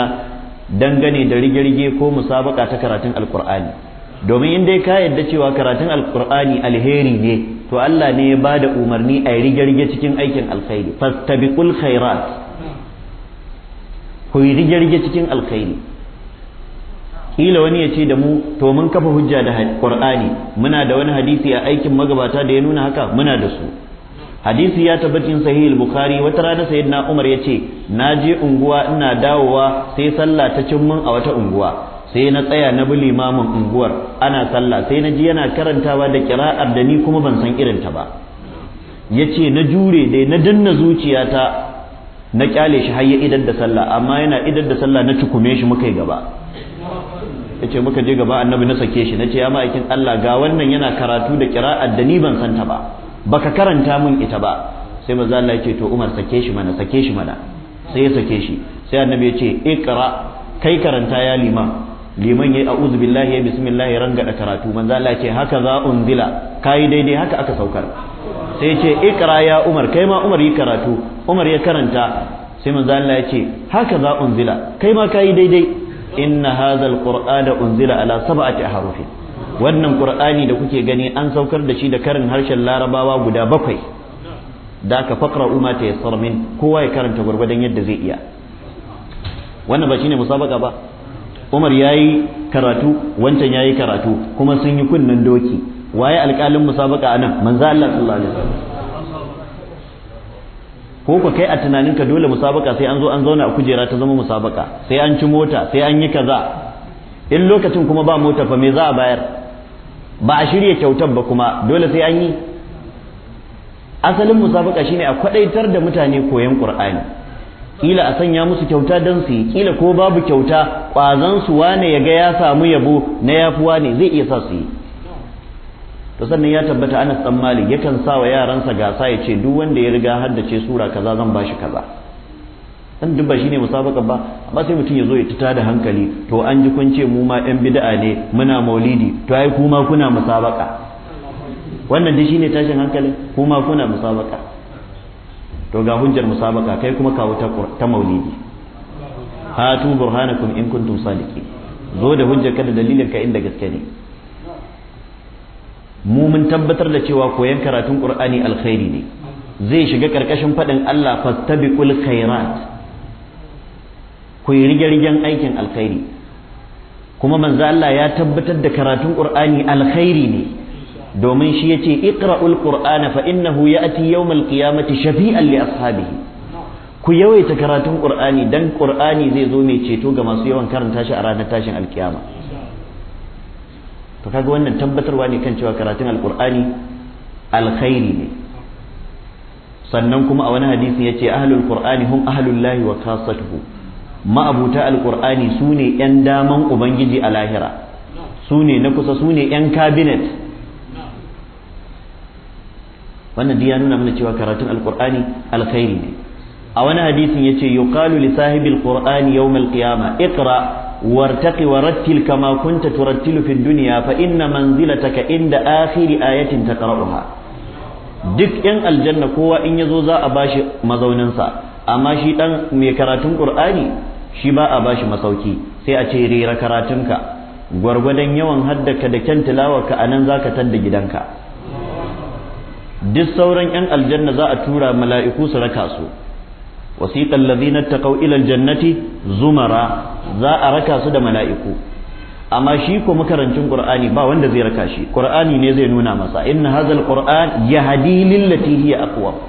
dangane da rige-rige ko musabaka ta karatun alqur'ani domin in dai ka yadda cewa karatun alkur'ani alheri ne to Allah ne ya bada umarni a rige-rige cikin aikin alkhairi fastabiqul khairat ku yi rige-rige cikin alkhairi kila wani ya ce da mu to mun kafa hujja da qur'ani muna da wani hadisi a aikin magabata da ya nuna haka muna da su hadisi ya tabbatin sahih bukhari wata rana sayyidina umar ya ce na je unguwa ina dawowa sai sallah ta cin mun a wata unguwa sai na tsaya na bi limamin unguwar ana sallah sai na ji yana karantawa da kira'ar da ni kuma ban san irin ta ba yace na jure dai na danna zuciyata na kyale shi har ya idar da sallah amma yana idar da sallah na tukume shi muka yi gaba yace muka je gaba annabi na sake shi nace ya ma'aikin Allah ga wannan yana karatu da qira'ar da ni ban santa ba baka karanta min ita ba sai manzo Allah yace to Umar sake shi mana sake shi mana sai ya sake shi sai annabi yace iqra kai karanta ya liman liman yayi a'udhu billahi ya bismillah ranga da karatu manzo Allah yace haka za unzila kai daidai haka aka saukar sai ce ikra ya umar kai ma umar yi karatu umar ya karanta sai manzo Allah ya ce haka za unzila kai ma kai daidai inna hadha kur'ada unzila ala sab'ati harufin wannan qur'ani da kuke gani an saukar da shi da karin harshen larabawa guda bakwai da ka fakra umma ta yassar min kowa ya karanta gurgudan yadda zai iya wannan ba shine musabaka ba umar yayi karatu wancan yayi karatu kuma sun yi kunnen doki waye alƙalin musabaka anan manzo Allah sallallahu alaihi wasallam ko ka kai a tunaninka dole musabaka sai an zo an zauna a kujera ta zama musabaka sai an ci mota sai an yi kaza in lokacin kuma ba mota fa me za a bayar ba a shirya kyautar ba kuma dole sai an yi asalin musabaka shine a kwadaitar da mutane koyon qur'ani kila a sanya musu kyauta don su yi kila ko babu kyauta ƙwazansu su wane ya ga ya samu yabo na yafuwa ne zai iya sa su yi to sannan ya tabbata Anas dan Malik yakan sa wa yaransa gasa ya ce duk wanda ya riga haddace sura kaza zan bashi kaza dan duk ba shine musabaka ba amma sai mutum ya zo ya tuta da hankali to an ji kun ce mu ma yan bid'a ne muna maulidi to ai kuma kuna musabaka wannan dai shine tashin hankali kuma kuna musabaka to ga hujjar musabaka kai kuma kawo ta ta maulidi hatu burhanakum in kuntum sadiqin zo da hujjar ka da dalilin ka inda gaske ne mu mun tabbatar da cewa koyan karatun ƙur'ani alkhairi ne zai shiga karkashin faɗin Allah fastabiqul khairat ku yi rige-rigen aikin alkhairi kuma manzo Allah ya tabbatar da karatun ƙur'ani alkhairi ne domin shi yace iqra'ul qur'ana fa innahu ya'ti yawmal qiyamati shafi'an li ashabihi ku yawaita karatun ƙur'ani dan ƙur'ani zai zo mai ceto ga masu yawan karanta shi a ranar tashin alkiyama to kaga wannan tabbatarwa ne kan cewa karatun alqur'ani alkhairi ne sannan kuma a wani hadisi yace ahlul qur'ani hum ahlul lahi wa khassatuhu ma'abuta su ne yan daman ubangiji a lahira ne na kusa ne yan cabinet wannan duk ya nuna mana cewa karatun alkurani alkhairi ne a wani hadisin yace yuqalu li sahibil qur'ani yawm alqiyama iqra wartaqi warattil kama kunta turattilu fid dunya fa inna manzilataka inda akhiri ayatin taqra'uha duk yan aljanna kowa in ya zo za a bashi mazauninsa amma shi dan mai karatun qur'ani shi ba a bashi masauki sai a ce rera karatunka gwargwadon yawan haddaka da kyan tilawarka a nan za ka tadda gidanka duk sauran yan aljanna za a tura mala'iku su raka su wasiqal ta kau ila jannati zumara za a raka su da mala'iku amma shi ko makarancin qur'ani ba wanda zai raka shi qur'ani ne zai nuna masa inna hadzal qur'an yahdi lillati hiya aqwam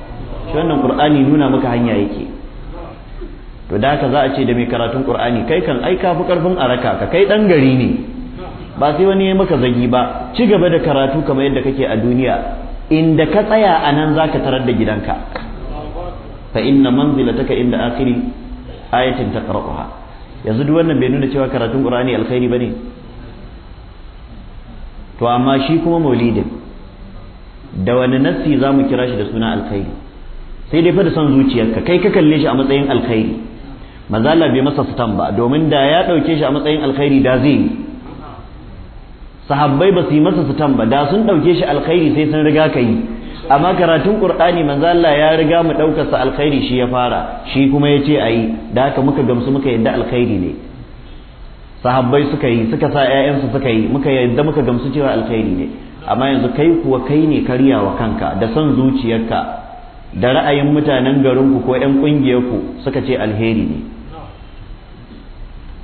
shi wannan qur'ani nuna maka hanya yake to da haka za a ce da mai karatun qur'ani kai kan ai ka fi karfin araka ka kai ɗan gari ne ba sai wani ya maka zagi ba ci gaba da karatu kamar yadda kake a duniya inda ka tsaya a nan za ka tarar da gidanka fa inna manzilataka inda akhiri ayatin taqra'uha yanzu duk wannan bai nuna cewa karatun qur'ani alkhairi bane to amma shi kuma maulidin da wani nassi zamu kira shi da suna alkhairi sai dai fa da son zuciyarka kai ka kalle shi a matsayin alkhairi mazala bai masa fitan ba domin da ya dauke shi a matsayin alkhairi da zai yi sahabbai ba su yi masa fitan ba da sun dauke shi alkhairi sai sun riga ka yi amma karatun qur'ani manzo Allah ya riga mu daukar sa alkhairi shi ya fara shi kuma yace ayi da haka muka gamsu muka yadda alkhairi ne sahabbai suka yi suka sa su suka yi muka yadda muka gamsu cewa alkhairi ne amma yanzu kai kuwa kai ne karya wa kanka da son zuciyarka da ra'ayin mutanen garinku ko 'yan ƙungiyarku suka ce alheri ne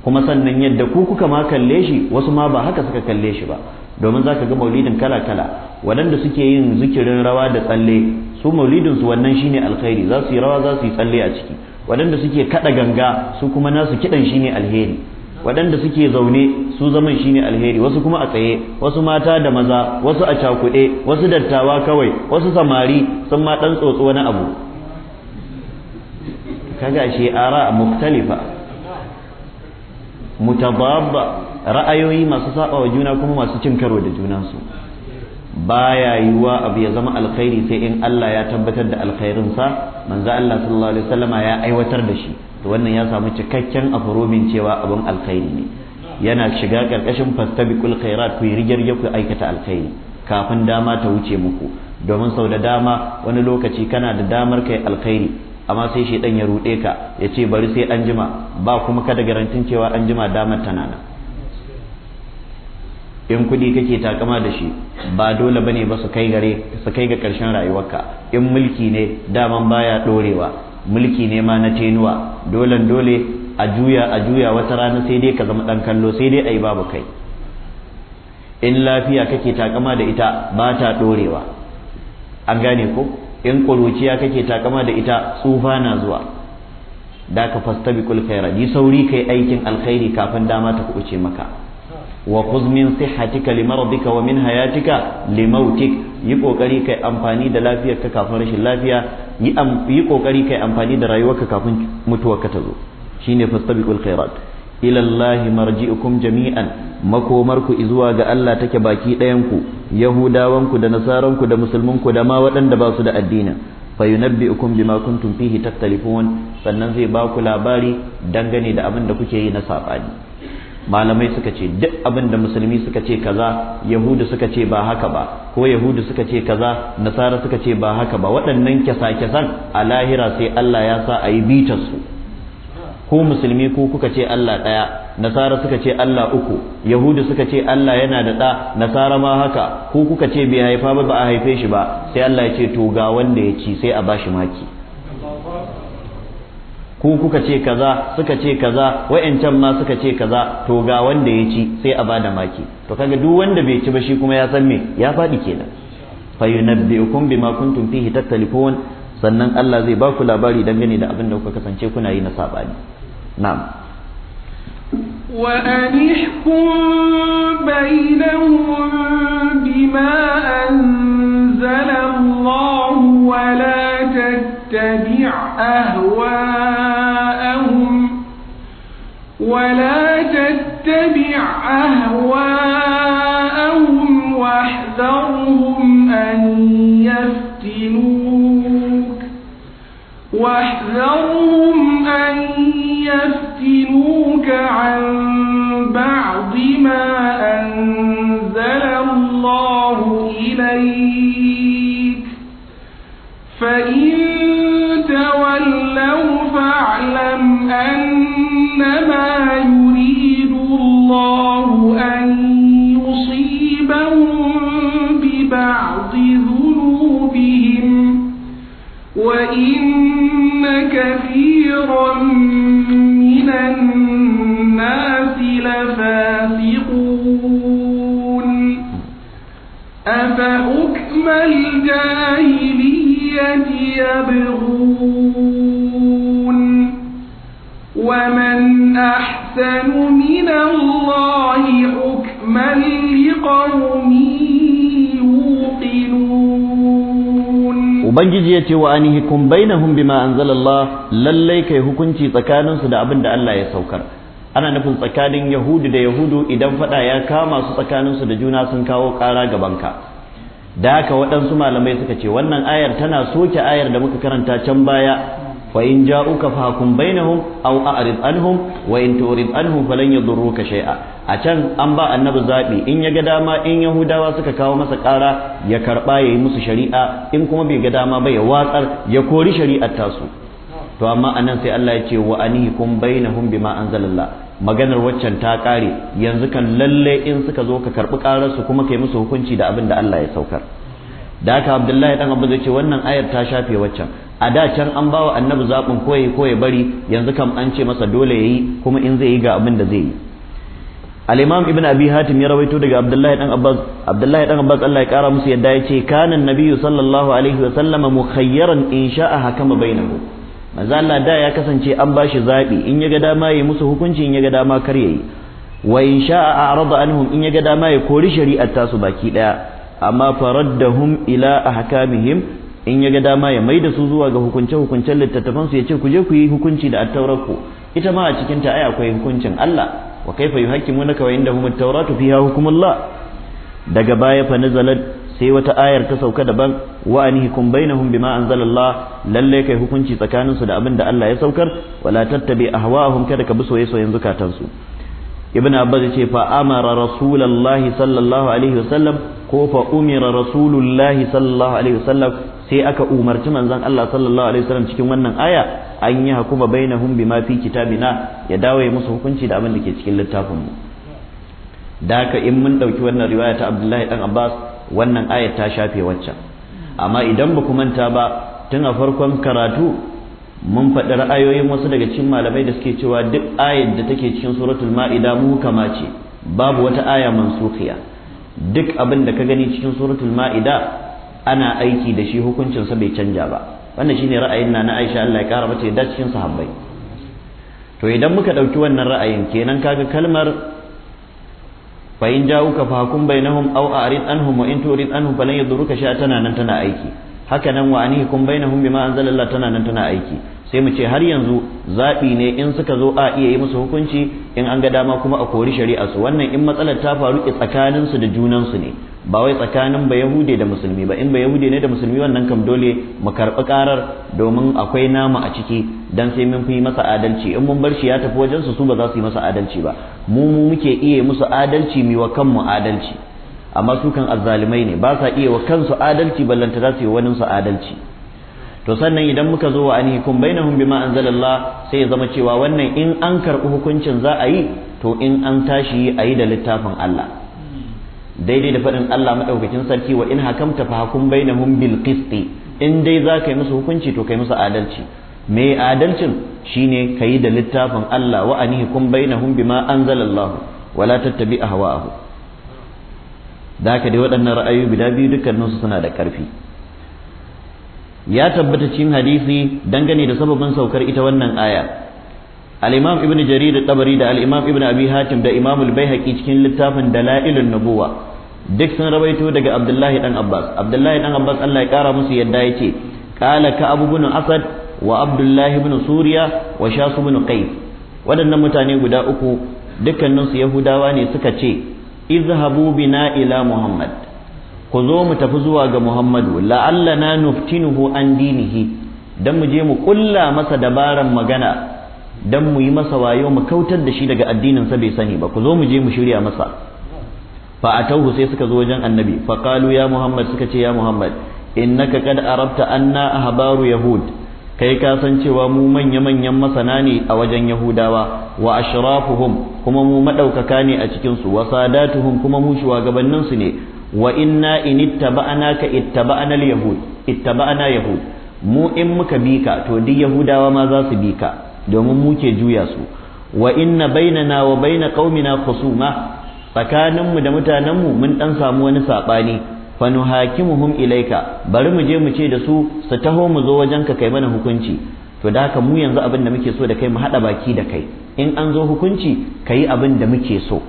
kuma sannan yadda ku kuka ma kalle shi wasu ma ba haka suka kalle shi ba domin zaka ga maulidin kala kala waɗanda suke yin zikirin rawa da tsalle su maulidin su wannan shine alkhairi za su yi rawa za su yi tsalle a ciki waɗanda suke kaɗa ganga su kuma nasu kidan shine alheri waɗanda suke zaune su zaman shine alheri wasu kuma a tsaye wasu mata da maza wasu a cakuɗe wasu dattawa kawai wasu samari sun ma ɗan tsotso wani abu kaga ashe ara muktalifa mutababba ra'ayoyi masu saba wa juna kuma masu cin karo da junansu baya wa abu ya zama alkhairi sai in Allah ya tabbatar da alkhairinsa manzo Allah sallallahu alaihi wasallama ya aiwatar da shi to wannan ya samu cikakken afromin cewa abun alkhairi ne yana shiga karkashin fastabiqul khairat ku rige ku aikata alkhairi kafin dama ta wuce muku domin sau da dama wani lokaci kana da damar kai alkhairi amma sai shaidan ya ruɗe ka ya ce bari sai an jima ba kuma kada garantin cewa an jima damar tana nan in kuɗi kake takama da shi ba dole bane ba su kai su kai ga karshen rayuwarka in mulki ne daman baya ɗorewa mulki ne ma na tenuwa dolen dole a juya a juya wata rana sai dai ka zama ɗan kallo sai dai ayi babu kai in lafiya kake takama da ita ba ta dorewa an gane ko in ƙuruciya kake takama da ita tsufa na zuwa da ka fastabiqul khairat yi sauri kai aikin alkhairi kafin dama ta uce maka wa khudh min sihhatika maradika wa min hayatika mautik yi kokari kai amfani da lafiyar ka kafin rashin lafiya yi kokari kai amfani da rayuwarka kafin mutuwarka ta zo shine fastabiqul khairat ilallahi marji'ukum jami'an makomarku izuwa ga Allah take baki ɗayanku yahudawanku da nasaranku da musulmanku da ma waɗanda ba su da addinin fa yunabbi'ukum bima kuntum fihi tattalifun sannan zai baku labari dangane da abin da kuke yi na sabani malamai suka ce duk abin da musulmi suka ce kaza yahudu suka ce ba haka ba ko yahudu suka ce kaza nasara suka ce ba haka ba waɗannan kyasa-kyasan a lahira sai Allah ya sa a yi bitar su ko musulmi ko kuka ce Allah ɗaya nasara suka ce Allah uku yahudu suka ce Allah yana da ɗa nasara ma haka ko kuka ce bai haifa ba ba a haife shi ba sai Allah ya ce to ga wanda ya ci sai a bashi maki ku kuka ce kaza suka ce kaza wa'ancan ma suka ce kaza to ga wanda ya ci sai a bada maki to kaga duk wanda bai ci ba shi kuma ya san me ya faɗi kenan fa yunabbi'ukum bima kuntum fihi tattalifun sannan Allah zai ba ku labari dangane da abin da kuka kasance kuna yi na sabani نعم وأنحكم بينهم بما أنزل الله ولا تتبع أهواءهم ولا تتبع أهواءهم واحذرهم أن يفتنوك واحذرهم أن يفتنوك عن بعض ما أنزل الله إليك فإن تولوا فاعلم أنما يريد الله أن يصيبهم ببعض ذنوبهم وإن كثيرا أفأكم الجاهلية يبغون ومن أحسن من الله حكما لقوم يوقنون وبنجي يتي وأنهكم بينهم بما أنزل الله للي كي هكونتي تكانوا سدى أبن الله يسوكر ana nufin tsakanin yahudu da yahudu idan fada ya kama su tsakanin su da juna sun kawo ƙara gabanka da haka waɗansu malamai suka ce wannan ayar tana soke ayar da muka karanta can baya fa in ja'uka fahkum bainahum aw a'rid anhum wa in tu'rid anhum falan yadurruka shay'a a can an ba annabi zabi in ya ga dama in yahudawa suka kawo masa ƙara ya karba yayi musu shari'a in kuma bai ga dama ba ya watsar ya kori shari'ar tasu to amma anan sai Allah ya ce wa anihum bainahum bima anzalallah maganar waccan ta kare yanzu kan lalle in suka zo ka karbi karar su kuma kai musu hukunci da abin da Allah ya saukar da haka Abdullahi dan Abu zai ce wannan ayar ta shafe waccan a da can an bawa annabi zaɓin koyi koyi bari yanzu kan an ce masa dole yayi kuma in zai yi ga abin da zai yi al-imam ibn abi hatim ya rawaito daga abdullahi dan abbas abdullahi dan abbas Allah ya kara musu yadda yace kana annabiyyu sallallahu alaihi wa sallama mukhayyaran in sha'a hakama bainahu manzo Allah da ya kasance an bashi zabi in ya ga dama yayi musu hukunci in ya dama kar yayi wa in sha'a a'rada anhum in ya ga dama ya kori shari'ar su baki daya amma faraddahum ila ahkamihim in ya ga dama ya maida su zuwa ga hukunce hukuncen littattafan su yace ku je ku yi hukunci da at tawrako ita ma a cikin ta ai akwai hukuncin Allah wa kaifa yuhakkimunaka wa indahum at tawratu fiha hukmullah daga baya fa nazalat sai wata ayar ta sauka daban wa anihkum bainahum bima anzalallah lalle kai hukunci tsakanin su da abin da Allah ya saukar wala tattabi ahwaahum kada ka bi soyayyen zukatan su ibn abbas ce fa amara rasulullahi sallallahu alaihi wasallam ko fa umira rasulullahi sallallahu alaihi wasallam sai aka umarci manzon Allah sallallahu alaihi wasallam cikin wannan aya an yi hukuma bainahum bima fi kitabina ya dawo musu hukunci da abin da ke cikin littafin mu da haka in mun ɗauki wannan riwaya ta abdullahi dan abbas wannan ayat ta shafe waccan amma idan ba ku manta ba tun a farkon karatu mun faɗi ra'ayoyin wasu daga cikin malamai da suke cewa duk ayat da take cikin suratul ma'ida kama ce babu wata aya mansukhiya duk abin da ka gani cikin suratul ma'ida ana aiki da shi hukuncin hukuncinsa bai canja ba wannan shine ra'ayin na na Aisha Allah ya kara mata da cikin sahabbai to idan muka dauki wannan ra'ayin kenan kaga kalmar fa in ja'uka fa hukum bainahum aw a'rid anhum wa in turid anhum falan yadurruka shay'a tana nan tana aiki haka nan wa na bainahum bima anzalallah tana nan tana aiki sai mu ce har yanzu zaɓi ne in suka zo a iya yi musu hukunci in an ga dama kuma a kori shari'a su wannan in matsalar ta faru ke tsakanin su da junan su ne ba wai tsakanin ba yahude da musulmi ba in ba yahude ne da musulmi wannan kam dole mu karɓi karar domin akwai nama a ciki dan sai mun fi masa adalci in mun bar shi ya tafi wajen su su ba za su yi masa adalci ba mu mu muke iya musu adalci mi wa kanmu adalci amma su kan azzalimai ne ba sa iya wa kansu adalci ballanta za su yi wani su adalci to sannan idan muka zo wa anhikum bainahum bima anzalallah sai ya zama cewa wannan in an karɓi hukuncin za a yi to in an tashi a yi da littafin Allah daidai da faɗin Allah madaukakin sarki wa in hakamta fa hakum bainahum bil qisti in dai za ka yi musu hukunci to kai musu adalci me adalcin shine kai da littafin Allah wa anhikum bainahum bima anzalallahu wala tattabi ahwa'ahum da haka dai waɗannan ra'ayoyi guda biyu dukkaninsu suna da ƙarfi ya tabbata cikin hadisi dangane da sababin saukar ita wannan aya al-imam ibn jarir tabari da al-imam ibn abi hatim da imam al-baihaqi cikin littafin dalailun nubuwa duk sun rawaito daga abdullahi dan abbas abdullahi dan abbas Allah ya kara musu yadda yake qala ka abu bin asad wa abdullahi ibn suriya wa shasu ibn qais waɗannan mutane guda uku dukkaninsu yahudawa ne suka ce izhabu bina ila muhammad ku zo mu tafi zuwa ga muhammadu la'allana nuftinuhu an dinihi dan mu je mu kulla masa dabaran magana dan mu yi masa wayo mu kautar da shi daga addinin sa bai sani ba ku zo mu je mu shirya masa fa atauhu sai suka zo wajen annabi fa qalu ya muhammad suka ce ya muhammad innaka kad arabta anna ahbaru yahud kai ka san cewa mu manya-manyan masana ne a wajen yahudawa wa ashrafuhum kuma mu madaukaka ne a cikin su wa sadatuhum kuma mu shugabannin su ne wa inna in ittaba'ana ka ittaba'ana yahud ittaba'ana yahud mu in muka bi ka to duk yahudawa ma za su bi ka domin mu ke juya su wa inna bainana wa baina qaumina khusuma mu da mutanen mu mun dan samu wani sabani fa nuhakimuhum ilaika bari mu je mu ce da su su taho mu zo wajen ka kai mana hukunci to da haka mu yanzu abin da muke so da kai mu haɗa baki da kai in an zo hukunci ka abin da muke so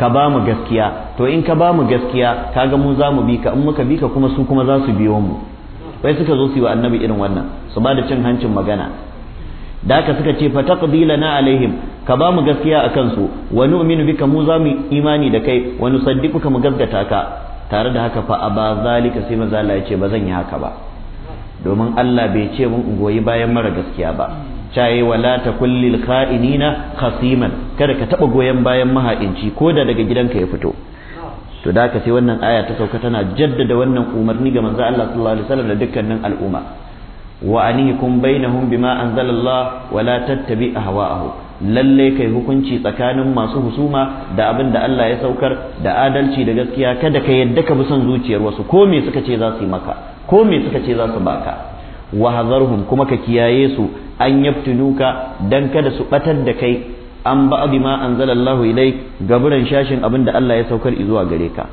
ka ba mu gaskiya to in ka ba mu gaskiya kaga mu za mu bi ka in muka bi ka kuma su kuma za su biyo mu wai suka zo su yi wa annabi irin wannan su bada cin hancin magana da haka suka ce fataqdi na alaihim ka ba mu gaskiya a kansu wa nu'minu bika mu za mu imani da kai wa nusaddiquka mu gaskata ka tare da haka fa ba zalika sai manzo Allah ya ce ba zan yi haka ba domin Allah bai ce mun goyi bayan mara gaskiya ba caye wala ta kullil kha'inina khasiman kada ka taba goyon bayan maha'inci ko da daga gidanka ya fito to da ka sai wannan aya ta sauka tana jaddada wannan umarni ga manzo Allah sallallahu alaihi wasallam da dukkanin al'umma wa anihkum bainahum bima anzalallah wala tattabi ahwa'ahum lalle kai hukunci tsakanin masu husuma da abin da Allah ya saukar da adalci da gaskiya kada ka yadda ka bi son zuciyar wasu ko me suka ce za su yi maka ko me suka ce za su baka wa hazarhum kuma ka kiyaye su an yaftinuka dan kada su batar da kai an ba bi ma anzalallahu ilai gaburan shashin abin da Allah ya saukar zuwa gare ka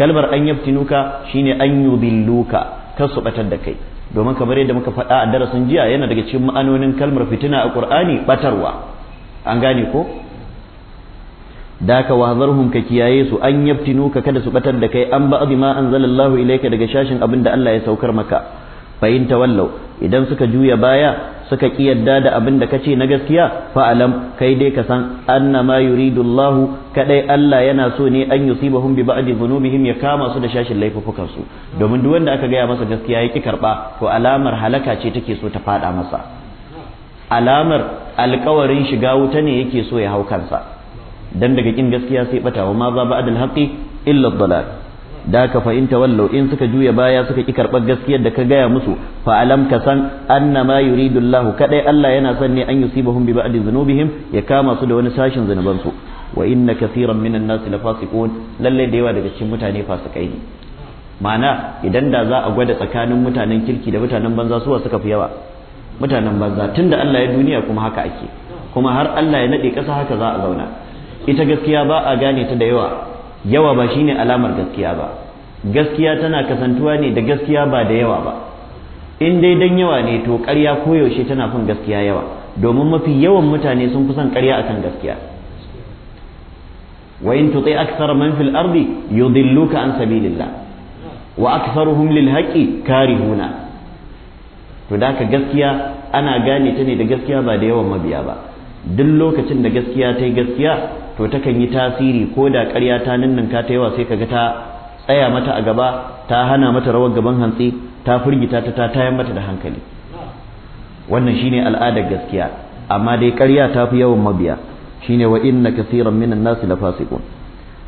kalmar an yaftinuka shine an yudilluka ka su batar da kai domin kamar yadda muka faɗa a darasin jiya yana daga cikin ma'anonin kalmar fitina a Qur'ani batarwa an gane ko daka ka wahzarhum ka kiyaye su an yaftinu ka kada su batar da kai an ba ma anzalallahu ilayka daga shashin abin da Allah ya saukar maka fahimta tawallau idan suka juya baya suka ki yadda da abin da kace na gaskiya fa alam kai dai ka san anna ma yuridullahu kadai Allah yana so ne an yusibahum bi ba'di dhunubihim ya kama su da shashin laifukan su domin duk wanda aka gaya masa gaskiya ya ki karba to alamar halaka ce take so ta fada masa alamar alkawarin shiga wuta ne yake so ya hau kansa dan daga kin gaskiya sai bata wa ma za ba adal haqi illa dalal da ka fa in tawallu in suka juya baya suka ki karbar gaskiyar da ka gaya musu fa alam ka san anna ma yuridu Allah kadai Allah yana son ne an yusibahum bi ba'di dhunubihim ya kama su da wani sashin zanuban su wa inna kaseeran minan nas la lalle da yawa daga cikin mutane fasikai ne ma'ana idan da za a gwada tsakanin mutanen kirki da mutanen banza suwa suka fi yawa mutanen banza tunda Allah ya duniya kuma haka ake kuma har Allah ya nade ƙasa haka za a zauna ita gaskiya ba a gane ta da yawa yawa ba shine alamar gaskiya ba gaskiya tana kasantuwa ne da gaskiya ba da yawa ba in dai dan yawa ne to ƙarya koyaushe tana fin gaskiya yawa domin mafi yawan mutane sun fi son ƙarya akan gaskiya wa in tuti akthar man fil ardi yudilluka an sabilillah wa aktharuhum lil haqqi karihuna to da gaskiya ana gane ta ne da gaskiya ba da yawan mabiya ba duk lokacin da gaskiya ta yi gaskiya to takan yi tasiri ko da karya ta ninninka ta yawa sai ka ga ta tsaya mata a gaba ta hana mata rawar gaban hantsi ta firgita ta ta tayar mata da hankali wannan shine al'adar gaskiya amma dai karya ta fi yawan mabiya shine wa inna kaseeran minan la fasiqun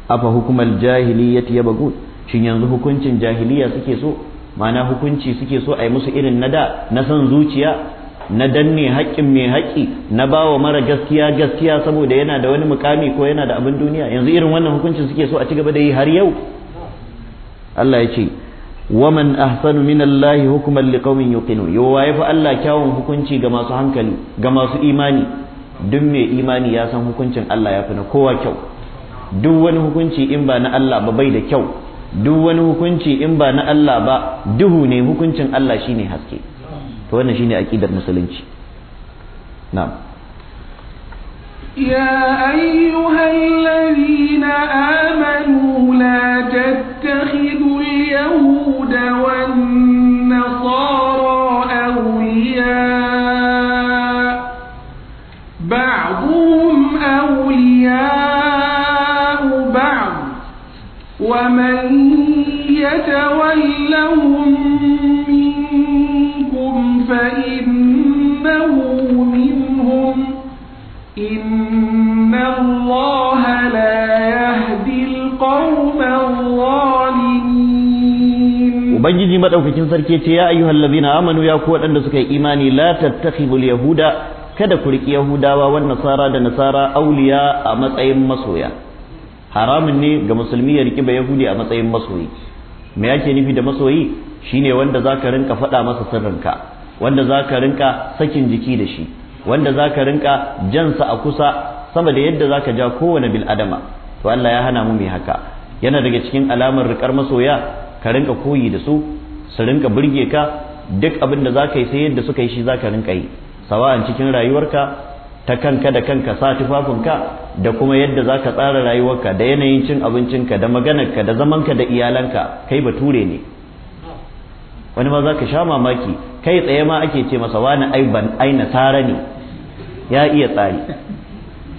afa hukumal jahiliyyati yabghun shin yanzu hukuncin jahiliya suke so ma'ana hukunci suke so a yi musu irin na da na san zuciya na danne haƙƙin mai haƙƙi na ba wa mara gaskiya gaskiya saboda yana da wani mukami ko yana da abin duniya yanzu irin wannan hukuncin suke so a ci gaba da yi har yau Allah ya ce waman ahsanu minallahi hukuman liqaumin yuqinun yawa yafi Allah kyawun hukunci ga masu hankali ga masu imani duk mai imani ya san hukuncin Allah ya fi na kowa kyau duk wani hukunci in ba na Allah ba bai da kyau duk wani hukunci in ba na Allah ba duhu ne hukuncin Allah shine haske to wannan shine aqidar musulunci na'am ya na الذين na لا تتخذوا اليهود والنصارى ubangiji madaukakin sarki ce ya ayyuhal ladina amanu ya ku waɗanda suka yi imani la tattakhibul yahuda kada ku riki yahudawa wan nasara da nasara auliya a matsayin masoya haramun ne ga musulmi ya riki ba yahudi a matsayin masoyi me yake nufi da masoyi shine wanda zaka rinka faɗa masa sirrinka wanda zaka rinka sakin jiki da shi wanda zaka rinka jansa a kusa sama da yadda zaka ja kowane bil adama to Allah ya hana mu mai haka yana daga cikin alamar rikar masoya ka rinka koyi da su su rinka burge ka duk abin da za ka yi sai yadda suka yi shi za ka rinka yi sawa'an cikin rayuwarka ta kanka da kanka sa tufafinka da kuma yadda za ka tsara rayuwarka da yanayin cin abincinka da maganarka da zamanka da iyalanka kai bature ne wani ma za ka sha mamaki kai tsaye ma ake ce masa wani ai ban ai ne ya iya tsari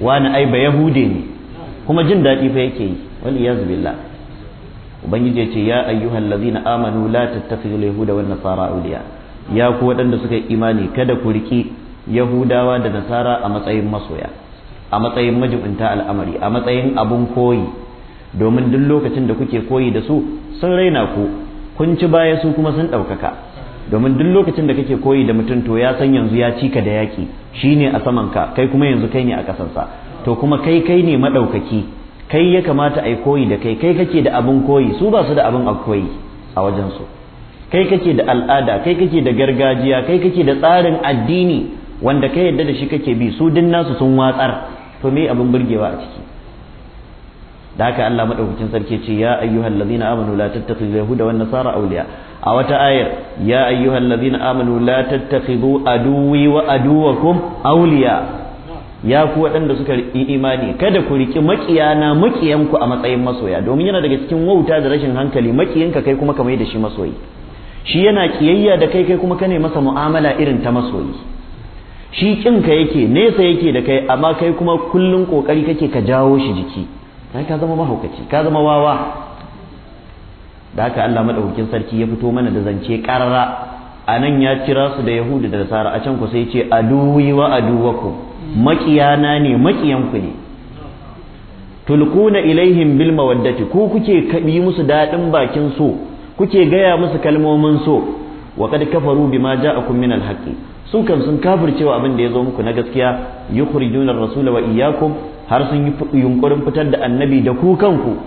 wani ai ba yahude ne kuma jin daɗi fa yake yi wani yanzu billah ubangiji ya ce ya ayyuhal ladzina amanu la tattakhidhu yahuda wan nasara awliya ya ku waɗanda suka yi imani kada ku riki yahudawa da nasara a matsayin masoya a matsayin majibinta al'amari a matsayin abun koyi domin duk lokacin da kuke koyi da su sun raina ku kun ci baya su kuma sun ɗaukaka domin duk lokacin da kake koyi da mutum to ya san yanzu ya cika da yaƙi shine a saman ka kai kuma yanzu kai ne a ƙasansa to kuma kai kai ne maɗaukaki kai ya kamata yi koyi da kai kai kake da abin koyi su ba su da abin a koyi a wajensu kai kake da al'ada kai kake da gargajiya kai kake da tsarin addini wanda kai yadda da shi kake bi su din nasu sun watsar to me abin burgewa a ciki da haka Allah madaukakin sarki ce ya ayyuhal ladina amanu la tattakhidhu yahuda wan nasara awliya a wata ayar ya ayyuhal ladina amanu la tattakhidhu aduwi wa aduwakum awliya ya ku waɗanda suka yi imani kada ku riƙi maƙiyana maƙiyanku a matsayin masoya domin yana daga cikin wauta da rashin hankali maƙiyinka kai kuma ka mai da shi masoyi shi yana ƙiyayya da kai kai kuma ka ne masa mu'amala irin ta masoyi shi ƙinka yake nesa yake da kai amma kai kuma kullum ƙoƙari kake ka jawo shi jiki ka zama mahaukaci ka zama wawa da haka Allah madaukakin sarki ya fito mana da zance ƙarara anan ya kira su da yahudu da nasara a can ku sai ce aduwi wa aduwakum maƙiyana ne maƙiyanku ne tulkuna ilaihim bil mawaddati ku kuke kaɗi musu daɗin bakin so kuke gaya musu kalmomin so wa kad kafaru bima ja'akum min al haqqi su kan sun kafircewa abin da ya zo muku na gaskiya yukhrijuna ar-rasula wa iyyakum har sun yi yunkurin fitar da annabi da ku kanku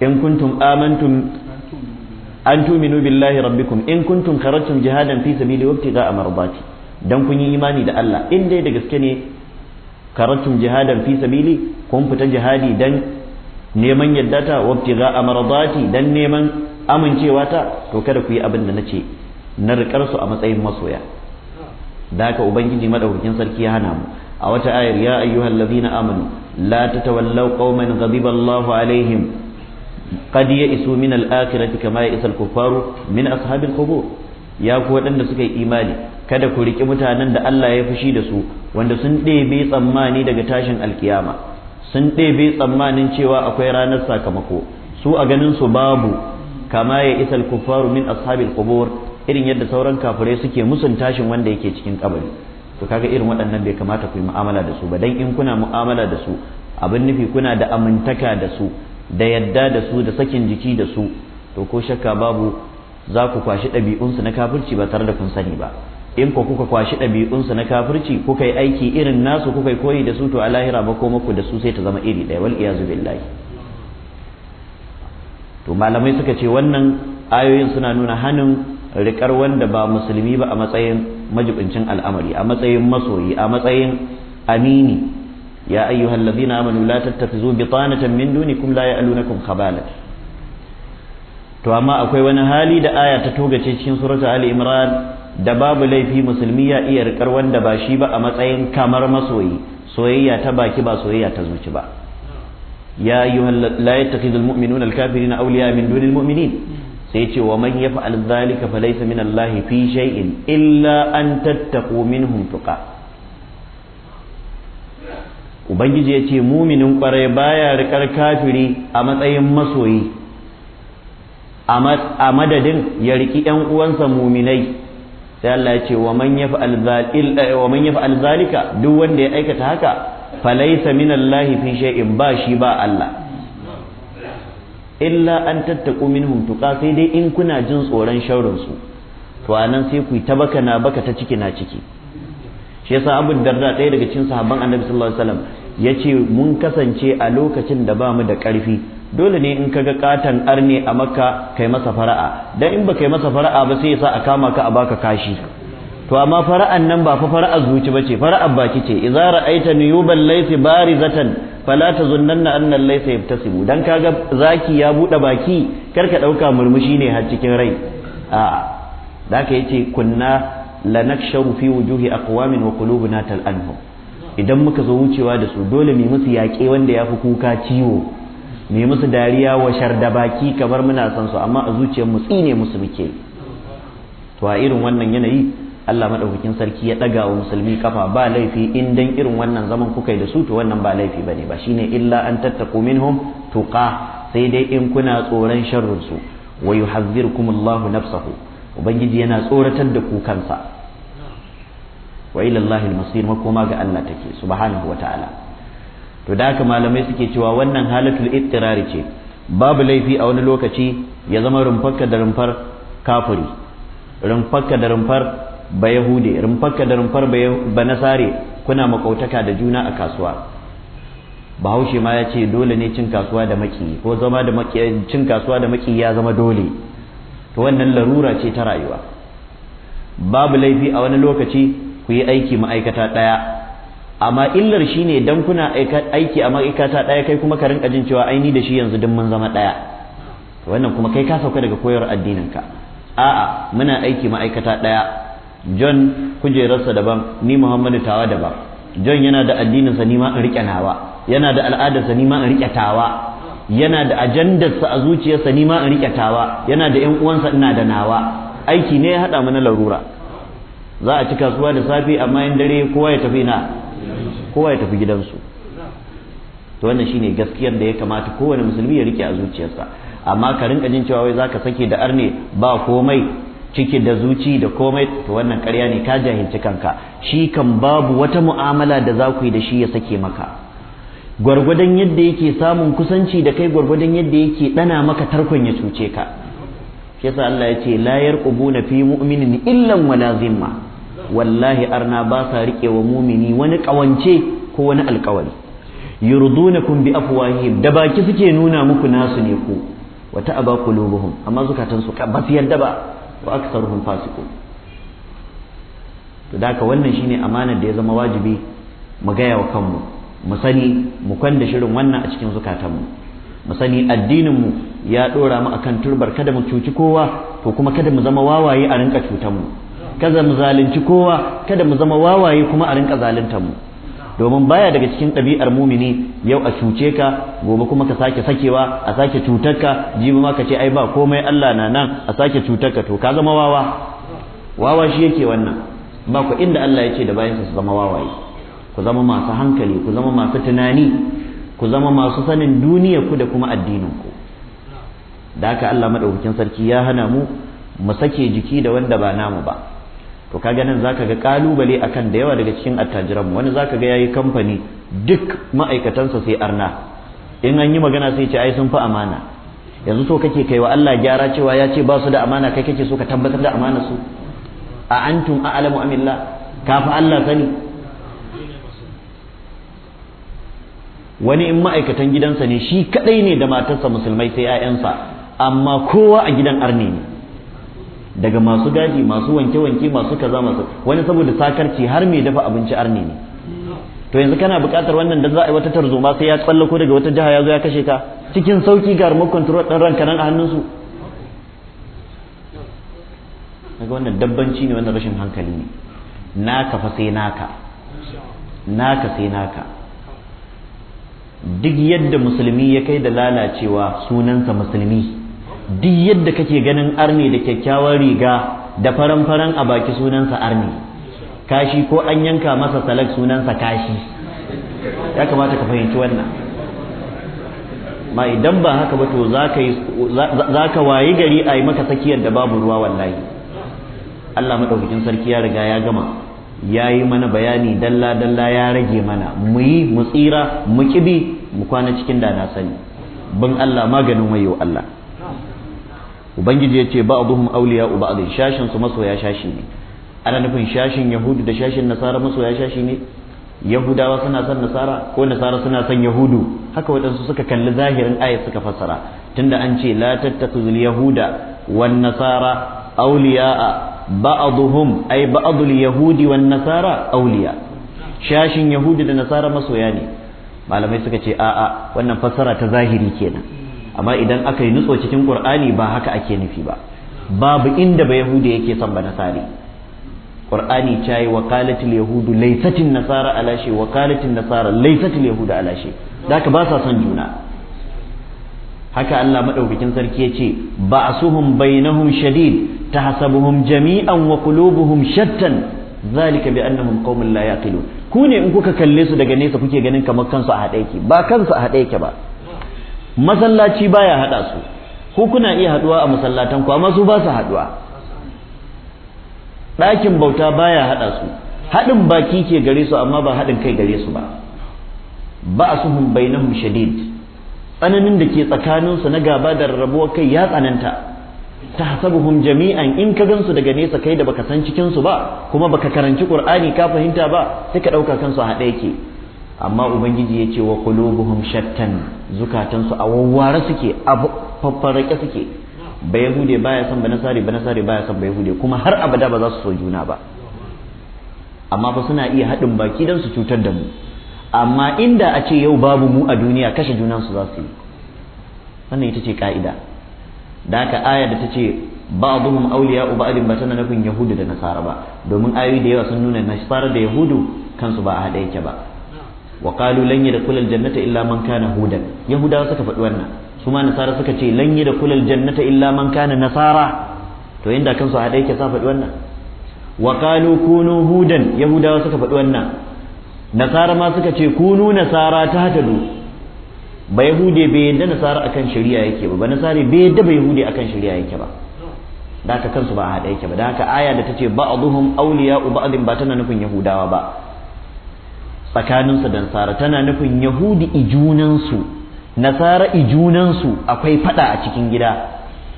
in kuntum amantum an tuminu billahi rabbikum in kuntum kharajtum jihadan fi sabili wabtiga amradati dan kun yi imani da Allah in dai da gaske ne karatun jihadan fi sabili kun fita jihadi dan neman yaddata wa ibtigha amradati dan neman amincewa ta to kada ku yi abin da nace na rikar su a matsayin masoya da haka ubangiji madaukakin sarki ya hana mu a wata ayar ya ayyuhal ladina amanu la tatawallaw qauman ghadiba Allahu alaihim qad ya'isu min al-akhirati kama ya'isa al-kuffaru min ashabil qubur ya ku waɗanda suka yi imani kada ku riƙi mutanen da Allah ya fushi da su wanda sun ɗebe tsammani daga tashin alkiyama sun ɗebe tsammanin cewa akwai ranar sakamako su a ganin su babu kama ya isal kufaru min ashabil qubur irin yadda sauran kafirai suke musun tashin wanda yake cikin kabari to kaga irin waɗannan bai kamata ku yi mu'amala da su ba dan in kuna mu'amala da su abin nufi kuna da amintaka da su da yadda da su da sakin jiki da su to ko shakka babu za ku kwashi ɗabi'unsu na kafirci ba tare da kun sani ba in ko kuka kwashi ɗabi'unsu na kafirci kuka yi aiki irin nasu kuka yi koyi da su to a lahira ba ko muku da su sai ta zama iri ɗaya wal iyazu billahi to malamai suka ce wannan ayoyin suna nuna hannun rikar wanda ba musulmi ba a matsayin majibincin al'amari a matsayin masoyi a matsayin amini ya ayyuhal ladina amanu la tattakhizu bitanatan min dunikum la ya'lunakum khabala to amma akwai wani hali da aya ta togace cikin suratul ali imran da babu laifi musulmi ya iya rikar wanda ba shi ba a matsayin kamar masoyi soyayya ta baki ba soyayya ta zuci ba ya ayyuha la yattakhidhu almu'minuna alkafirina awliya min dunil mu'minin sai ce wa man yaf'al dhalika falaysa min allahi fi shay'in illa an tattaqu minhum tuqa ubangiji ya ce muminin kwarai baya rikar kafiri a matsayin masoyi a madadin ya riki 'yan uwansa muminai sai Allah ya ce wa man yaf'al eh, alzalika duk wanda ya aikata haka falaysa minallahi fi shay'in ba shi ba Allah illa an tattaku minhum tuqa sai dai in kuna jin tsoron sharrin su to anan sai ku ta baka na baka ta ciki na ciki shi yasa Abu Darda ɗaya daga cikin sahabban Annabi sallallahu alaihi wasallam yace mun kasance a lokacin da ba mu da ƙarfi dole ne in kaga katan arne a maka kai masa fara'a dan in ba kai masa fara'a ba sai ya sa a kama ka a baka kashi to amma fara'an nan ba fa fara'a zuci bace fara'ar baki ce idza ra'aita nuyuban laysa barizatan fala tazunnanna anna laysa yabtasimu dan kaga zaki ya bude baki kar ka dauka murmushi ne har cikin rai a da ka yace kunna lanaksharu fi wujuhi aqwamin wa qulubuna tal'anhu idan muka zo wucewa da su dole mu musu yaƙe wanda ya fi kuka ciwo mai musu dariya wa sharda baki kamar muna san su amma a zuciyar mu tsine musu muke to a irin wannan yanayi Allah madaukakin sarki ya daga wa musulmi kafa ba laifi in dan irin wannan zaman kuka yi da su to wannan ba laifi bane ba shine illa an tattaku minhum tuqa sai dai in kuna tsoron sharrin su wa yuhadhdhirukum Allahu nafsahu ubangiji yana tsoratar da ku kansa wa ila Allahil masir makoma ga Allah take subhanahu wa ta'ala to da haka malamai suke cewa wannan halatul ittirari ce babu laifi a wani lokaci ya zama rumfaka da rumfar kafiri rumfaka da rumfar ba yahude da rumfar ba nasare kuna makautaka da juna a kasuwa bahaushe ma ya ce dole ne cin kasuwa da maki ko zama da maki cin kasuwa da maki ya zama dole to wannan larura ce ta rayuwa babu laifi a wani lokaci ku yi aiki ma'aikata ɗaya amma illar shine dan kuna aiki a ma'aikata ɗaya kai kuma ka rinka jin cewa aini da shi yanzu duk mun zama ɗaya wannan kuma kai ka sauka daga koyar addinin ka a'a muna aiki ma'aikata ɗaya John kujerarsa daban ni Muhammadu tawa daban John yana da addininsa ni ma in rike nawa yana da al'adarsa ni ma in rike tawa yana da ajandarsa a zuciyarsa ni ma in rike tawa yana da yan uwansa ina da nawa aiki ne ya haɗa mana larura za a ci kasuwa da safe amma in dare kowa ya tafi na kowa ya tafi gidansu to wannan shine gaskiyar da ya kamata kowane musulmi ya rike a zuciyarsa amma ka rinka jin cewa wai zaka sake da arne ba komai ciki da zuci da komai to wannan ƙarya ne ka jahilci kanka shi kan babu wata mu'amala da za ku yi da shi ya sake maka gwargwadon yadda yake samun kusanci da kai gwargwadon yadda yake dana maka tarkon ya cuce ka shi Allah ya ce la yarqubuna fi mu'minin illan wala zimma wallahi arna ba sa rike wa mumini wani kawance ko wani alkawari yurdunakum bi afwahihim da baki suke nuna muku nasu ne ko, wa ta'aba qulubuhum amma zukatan su ba su yarda ba wa aktsaruhum fasiqun to daka wannan shine amanar da ya zama wajibi mu gaya wa kanmu mu sani mu kwanda shirin wannan a cikin zukatanmu mu sani addinin mu ya ɗora mu akan turbar kada mu cuci kowa to kuma kada mu zama wawaye a rinka cutar mu kada mu zalunci kowa kada mu zama wawaye kuma a rinka zaluntar mu domin baya daga cikin ɗabi'ar mumini yau a cuce ka gobe kuma ka sake sakewa a sake cutar ka jibi ma ka ce ai ba komai Allah na nan a sake cutar ka to ka zama wawa wawa shi yake wannan ba ku inda Allah ya ce da bayansa su zama wawaye ku zama masu hankali ku zama masu tunani ku zama masu sanin duniya ku da kuma addinin ku da haka Allah madaukakin sarki ya hana mu mu sake jiki da wanda ba namu ba to kaga nan zaka ga kalubale akan da yawa daga cikin attajiran wani za ka ga ya yi kamfani duk ma'aikatansa sai arna in an yi magana sai ce ai sun fi amana yanzu so kake kai wa Allah gyara cewa ya ce ba su da amana kai kake so ka tabbatar da amana su a antum a'lamu amillah ka fi Allah sani wani in ma'aikatan gidansa ne shi kaɗai ne da matarsa musulmai sai 'ya'yansa amma kowa a gidan arni ne daga masu gadi masu wanke-wanke masu kaza masu wani saboda sakarci har mai dafa abinci arne ne to yanzu kana buƙatar wannan da za a yi wata tarzoma sai ya tsallako daga wata jiha ya zo ya kashe ka cikin sauki ga remote control ɗin ranka nan a hannunsu daga wannan dabbanci ne wannan rashin hankali ne naka fa sai naka naka sai naka duk yadda musulmi ya kai da lalacewa sunansa musulmi duk yadda kake ganin arne da kyakkyawar riga da faran-faran a baki sunansa arne kashi ko an yanka masa salak sunansa kashi ya kamata ka fahimci wannan ma idan ba haka ba to za ka wayi gari a yi maka tsakiyar da babu ruwa wallahi Allah maɗaukakin sarki ya riga ya gama ya yi mana bayani dalla-dalla ya rage mana mu yi mu tsira mu kibi mu kwana cikin da na sani bin Allah maganin wayo Allah ubangiji ya ce ba'dhum awliya u ba'd shashin su masoya shashi ne ana nufin shashin yahudu da shashin nasara masoya shashi ne yahudawa suna son nasara ko nasara suna son yahudu haka waɗansu suka kalli zahirin ayat suka fassara tunda an ce la tattakhizul yahuda wan nasara a ba'dhum ay ba'dul yahudi wan nasara awliya shashin yahudi da nasara masoya ne malamai suka ce a'a wannan fassara ta zahiri kenan amma idan aka yi nutso cikin qur'ani ba haka ake nufi ba babu inda ba yahuda yake son ba nasari qur'ani cayi wa qalatil yahudu laysatin nasara alashe wakalatin nasara laysatil yahudu ala shay daka ba sa son juna haka Allah maɗaukakin sarki ce ba yace ba'suhum bainahum shadid hasabuhun jami'an wa qulubuhum shattan zalika bi annahum qaumun la yaqilun ku ne in kuka kalle su daga nesa kuke ganin kamar kansu a haɗe ba kansu a haɗe yake ba masallaci baya hada su ku kuna iya haduwa a masallatan ku amma su ba su haduwa ɗakin bauta baya hada su haɗin baki ke gare su amma ba haɗin kai gare su ba ba ba'asuhum bainahum shadid tsananin da ke tsakaninsu na gaba da rabuwar kai ya tsananta ta hasabuhum jami'an in ka gansu daga nesa kai da baka san cikin su ba kuma baka karanci qur'ani ka fahimta ba sai ka dauka kansu a hade yake amma ubangiji ya yace wa qulubuhum shattan zukatansu a wawware suke a faffarake suke ba yahude baya son ba nasari ba nasari baya son ba yahude kuma har abada ba za su so juna ba amma fa suna iya haɗin baki don su cutar da mu amma inda a ce yau babu mu a duniya kashe junan su za su yi wannan ita ce ka'ida da aka aya da ta ce ba ba'dhum awliya'u uba ba tana nufin yahudu da nasara ba domin ayoyi da yawa sun nuna nasara da yahudu kansu ba a haɗa yake ba wa qalu lan yadkhul jannata illa man kana hudan yahudawa suka faɗi wannan su ma nasara suka ce lan yadkhul jannata illa man kana nasara to inda kansu hada yake sa faɗi wannan wa qalu kunu hudan yahudawa suka faɗi wannan nasara ma suka ce kunu nasara ta hadu ba yahude bai yadda nasara akan shari'a yake ba ba nasara bai yadda ba yahude akan shari'a yake ba da haka kansu ba a haɗa yake ba da haka aya da ta ce ba'aduhum awliya'u ba'din ba tana nufin yahudawa ba tsakaninsu da nasara tana nufin yahudi ijunansu nasara ijunansu akwai fada a cikin gida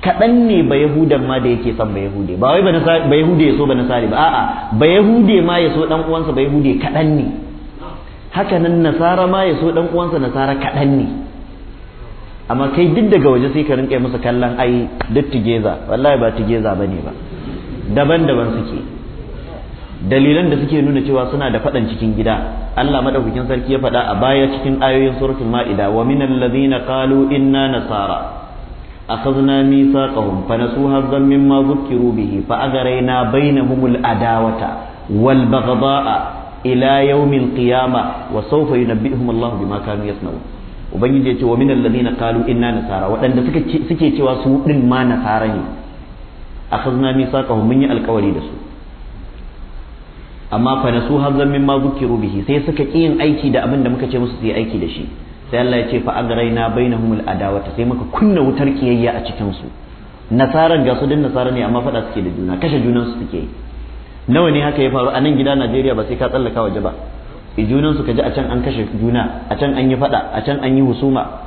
kaɗan ne ba yahudan ma da yake son ba yahude ba wai ba yahude ya so ba nasari ba a'a ba yahude ma ya so dan uwansa ba yahude kaɗan ne haka nan nasara ma ya so dan uwansa nasara kaɗan ne amma kai duk daga waje sai ka rinka musu kallon ai duk tigeza wallahi ba tigeza bane ba daban-daban suke dalilan da suke nuna cewa suna da faɗan cikin gida Allah madaukakin sarki ya faɗa a baya cikin ayoyin suratul ma'ida wa minal ladhina qalu inna nasara akhadna mithaqahum fa nasu hazzan mimma dhukiru bihi fa adawata wal baghdha'a ila yawmil qiyamah wa sawfa Allah bima kanu yasna'un ubangiji ya ce wa qalu inna nasara waɗanda suke suke cewa su din ma nasara ne akhadna mithaqahum mun yi alƙawari da su amma fa nasu hazan mimma zukiru bihi sai suka ki yin aiki da abin da muka ce musu su yi aiki da shi sai Allah ya ce fa agraina bainahumul adawata sai muka kunna wutar kiyayya a cikin su nasaran ga su din nasara ne amma fada suke da juna kashe junan su suke nawa ne haka ya faru a nan gida Najeriya ba sai ka tsallaka waje ba junan su kaji a can an kashe juna a can an yi fada a can an yi husuma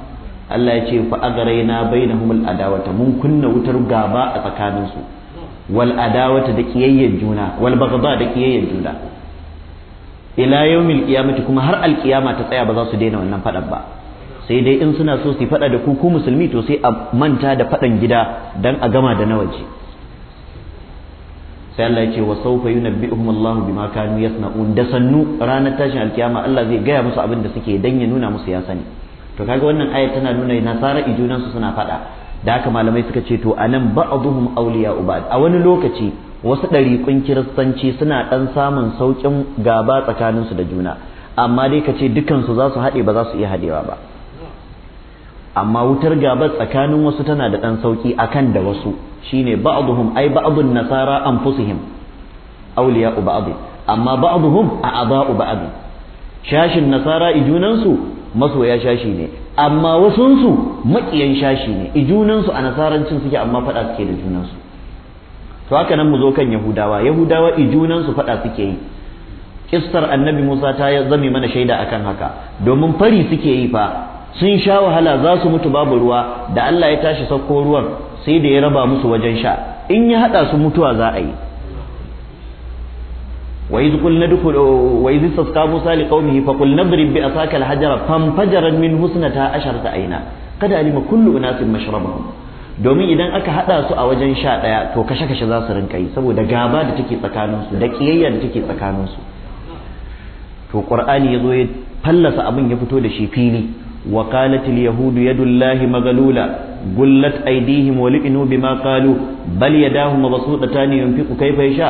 Allah ya ce fa agraina bainahumul adawata mun kunna wutar gaba a tsakanin su wal adawata da kiyayyar juna wal baghdha da kiyayyar juna ila yawmil qiyamati kuma har alƙiyama ta tsaya ba za su daina wannan fadan ba sai dai in suna so su faɗa da ku musulmi to sai a manta da faɗan gida dan a gama da na waje sai Allah ya ce wa sawfa yunabbi'uhum Allah bima kanu yasna'un da sannu ranar tashin alƙiyama Allah zai gaya musu abin da suke dan ya nuna musu ya sani to kaga wannan ayat tana nuna nasara ijunan su suna faɗa. da haka malamai suka ce to anan ba'dhum awliya ubad a wani lokaci wasu ɗariƙun kiristanci suna ɗan samun sauƙin gaba tsakaninsu da juna amma dai ka ce dukansu za su haɗe ba za su iya haɗewa ba amma wutar gaba tsakanin wasu tana da ɗan sauƙi akan da wasu shine ba'dhum ai ba'dun nasara anfusihim awliya ubad amma ba'dhum a aba'u ba'd shashin nasara ijunansu masoya shashi ne amma wasunsu maƙiyan shashi ne ijunansu a nasarancin suke amma faɗa suke da junansu to haka nan mu zo kan yahudawa yahudawa ijunansu faɗa suke yi kistar annabi musa ta zame mana shaida akan haka domin fari suke yi fa sun sha wahala za su mutu babu ruwa da allah ya tashi sauko ruwan sai da ya raba musu wajen sha in ya haɗa su mutuwa za a yi وإذ قلنا دخل وإذ استسقى موسى لقومه فقلنا اضرب بعصاك الحجر فانفجرت منه اثنتا عشرة عينا قد علم كل أناس مشربهم domin idan aka hada su a wajen sha daya to kashe kashe za su rinka yi saboda gaba da take tsakanin su da kiyayya da take tsakanin su to qur'ani yazo ya fallasa abin ya fito da shi fili wa qalatil yahudu yadullahi magalula gullat aydihim wa li'nu bima qalu bal yadahu mabsuutatan yunfiqu kayfa yasha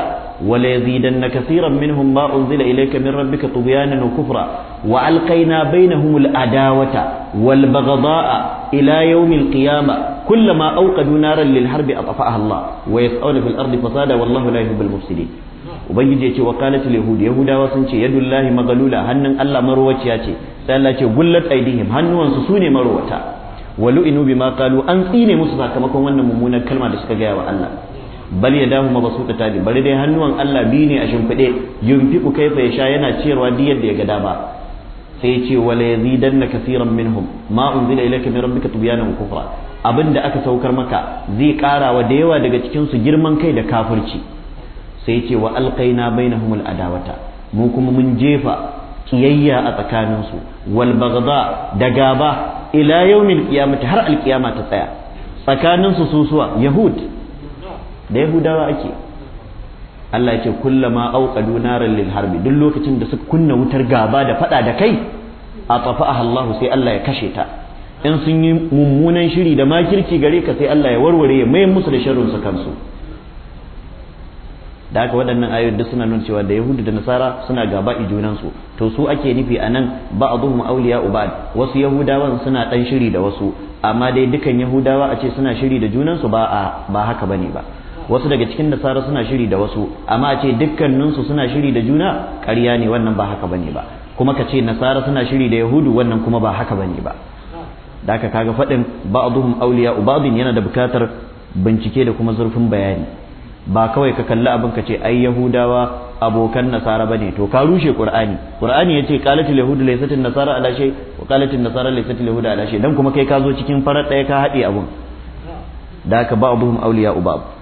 وليزيدن كثيرا منهم ما أنزل إليك من ربك طغيانا وكفرا وألقينا بينهم العداوة والبغضاء إلى يوم القيامة كلما أوقدوا نارا للحرب أطفأها الله ويسعون في الأرض فسادا والله لا يحب المفسدين ubangiji ya ce wa qalat al yahudawa sun ce yadullahi magalula hannun Allah marwaciya ce sai Allah ce gullat aidihim hannuwansu sune marwata walu'inu bima qalu an tsine musu sakamakon wannan mummunar kalma da suka gaya wa Allah bal ya damu ma basu ta bari dai hannuwan Allah biyu ne a shimfiɗe yunfiku kaifa ya sha yana ciyarwa diyar da ya ga dama sai ce wala yazidanna kaseeran minhum ma unzila ilayka min rabbika tubyanan wa kufra abinda aka saukar maka zai karawa da yawa daga cikin su girman kai da kafirci sai ce wa alqaina bainahum adawata mu kuma mun jefa kiyayya a tsakanin su wal baghdha da gaba ila yawmil qiyamati har alqiyama ta tsaya tsakanin su susuwa yahud da yahudawa ake Allah ya ce kullama auqadu naran lil harbi duk lokacin da suka kunna wutar gaba da fada da kai a tafa'aha Allah sai Allah ya kashe ta in sun yi mummunan shiri da makirci gare ka sai Allah ya warware ya mai musu da sharrin su kansu da haka waɗannan ayoyi duk suna nuna cewa da yahudu da nasara suna gaba i junansu to su ake nufi a nan ba'dhum awliya ubad wasu yahudawan suna dan shiri da wasu amma dai dukan yahudawa a ce suna shiri da junansu ba a ba haka bane ba wasu daga cikin nasara suna shiri da wasu amma a ce dukkaninsu suna shiri da juna ƙarya ne wannan ba haka bane ba kuma ka ce nasara suna shiri da yahudu wannan kuma ba haka bane ba da aka kaga faɗin ba'duhum awliya ba'din yana da bukatar bincike da kuma zurfin bayani ba kawai ka kalli abin ka ce ai yahudawa abokan nasara bane to ka rushe qur'ani qur'ani yace qalatul yahudu laysat nasara ala shay wa qalatul nasara laysat yahudu ala shay dan kuma kai ka zo cikin farar daya ka hade abun da aka ba'duhum awliya ba'd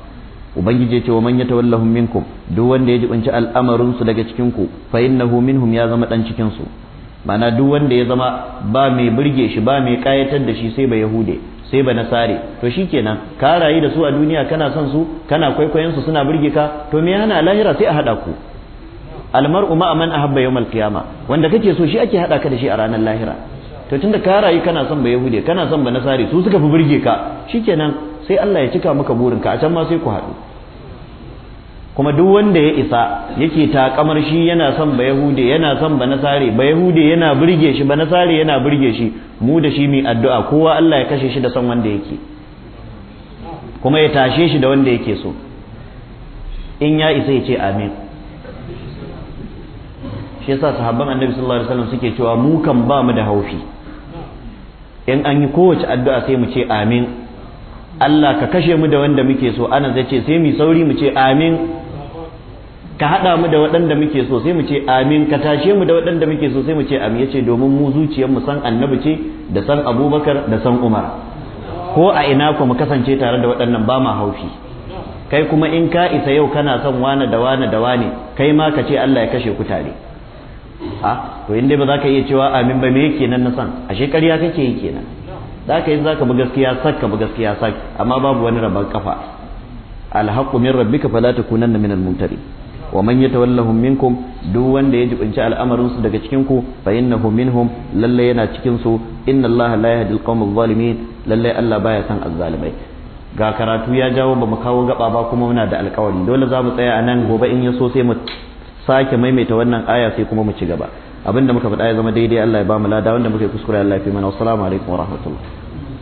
ubangiji ya ce wa man yatawallahum minkum duk wanda ya jibinci al'amarin su daga cikin ku fa innahu minhum ya zama dan cikin su mana duk wanda ya zama ba mai burge shi ba mai kayatar da shi sai ba yahude sai ba nasare to shikenan ka rayu da su a duniya kana son su kana kwaikwayon su suna burge ka to me yana lahira sai a hada ku almar'u ma man ahabba yawmal qiyama wanda kake so shi ake hada ka da shi a ranar lahira to tunda ka rayu kana son ba yahude kana son ba nasare su suka fi burge ka shikenan sai Allah ya cika maka burinka a can ma sai ku haɗu kuma duk wanda ya isa yake kamar shi yana son ba yahude yana son ba nasare ba yahude yana burge shi ba nasare yana burge shi mu da shi mai addu'a kowa Allah ya kashe shi da son wanda yake kuma ya tashe shi da wanda yake so in ya isa ya ce amin shi yasa sahabban annabi sallallahu alaihi wasallam suke cewa mu kan ba mu da haufi in an yi kowace addu'a sai mu ce amin Allah ka kashe mu da wanda muke so ana zai ce sai mu sauri mu ce amin ka haɗa mu da waɗanda muke so sai mu ce amin ka tashe mu da waɗanda muke so sai mu ce amin yace domin mu zuciyar mu san annabi ce da san abubakar da san umar ko a ina ku mu kasance tare da waɗannan ba ma haufi kai kuma in ka isa yau kana son wane da wane da wane kai ma ka ce Allah ya kashe ku tare ha ah, to inda ba za ka iya cewa amin ba me yake nan na san ashe ƙarya kake yi kenan da haka yin zaka bi gaskiya sak ka bi gaskiya sak amma babu wani rabar kafa alhaqqu min rabbika fala takunanna minal mumtari wa man yatawallahum minkum duk wanda ya jibinci al'amarin su daga cikin ku fa innahu minhum lalle yana cikin su inna allaha la yahdi alqawmal zalimin lalle allah baya san azzalimai ga karatu ya jawo ba mu kawo gaba ba kuma muna da alƙawari dole za mu tsaya a nan gobe in ya so sai mu sake maimaita wannan aya sai kuma mu ci gaba abinda muka faɗa ya zama daidai Allah ya ba mu lada wanda muka yi kuskure Allah ya fi mana assalamu alaikum wa rahmatullah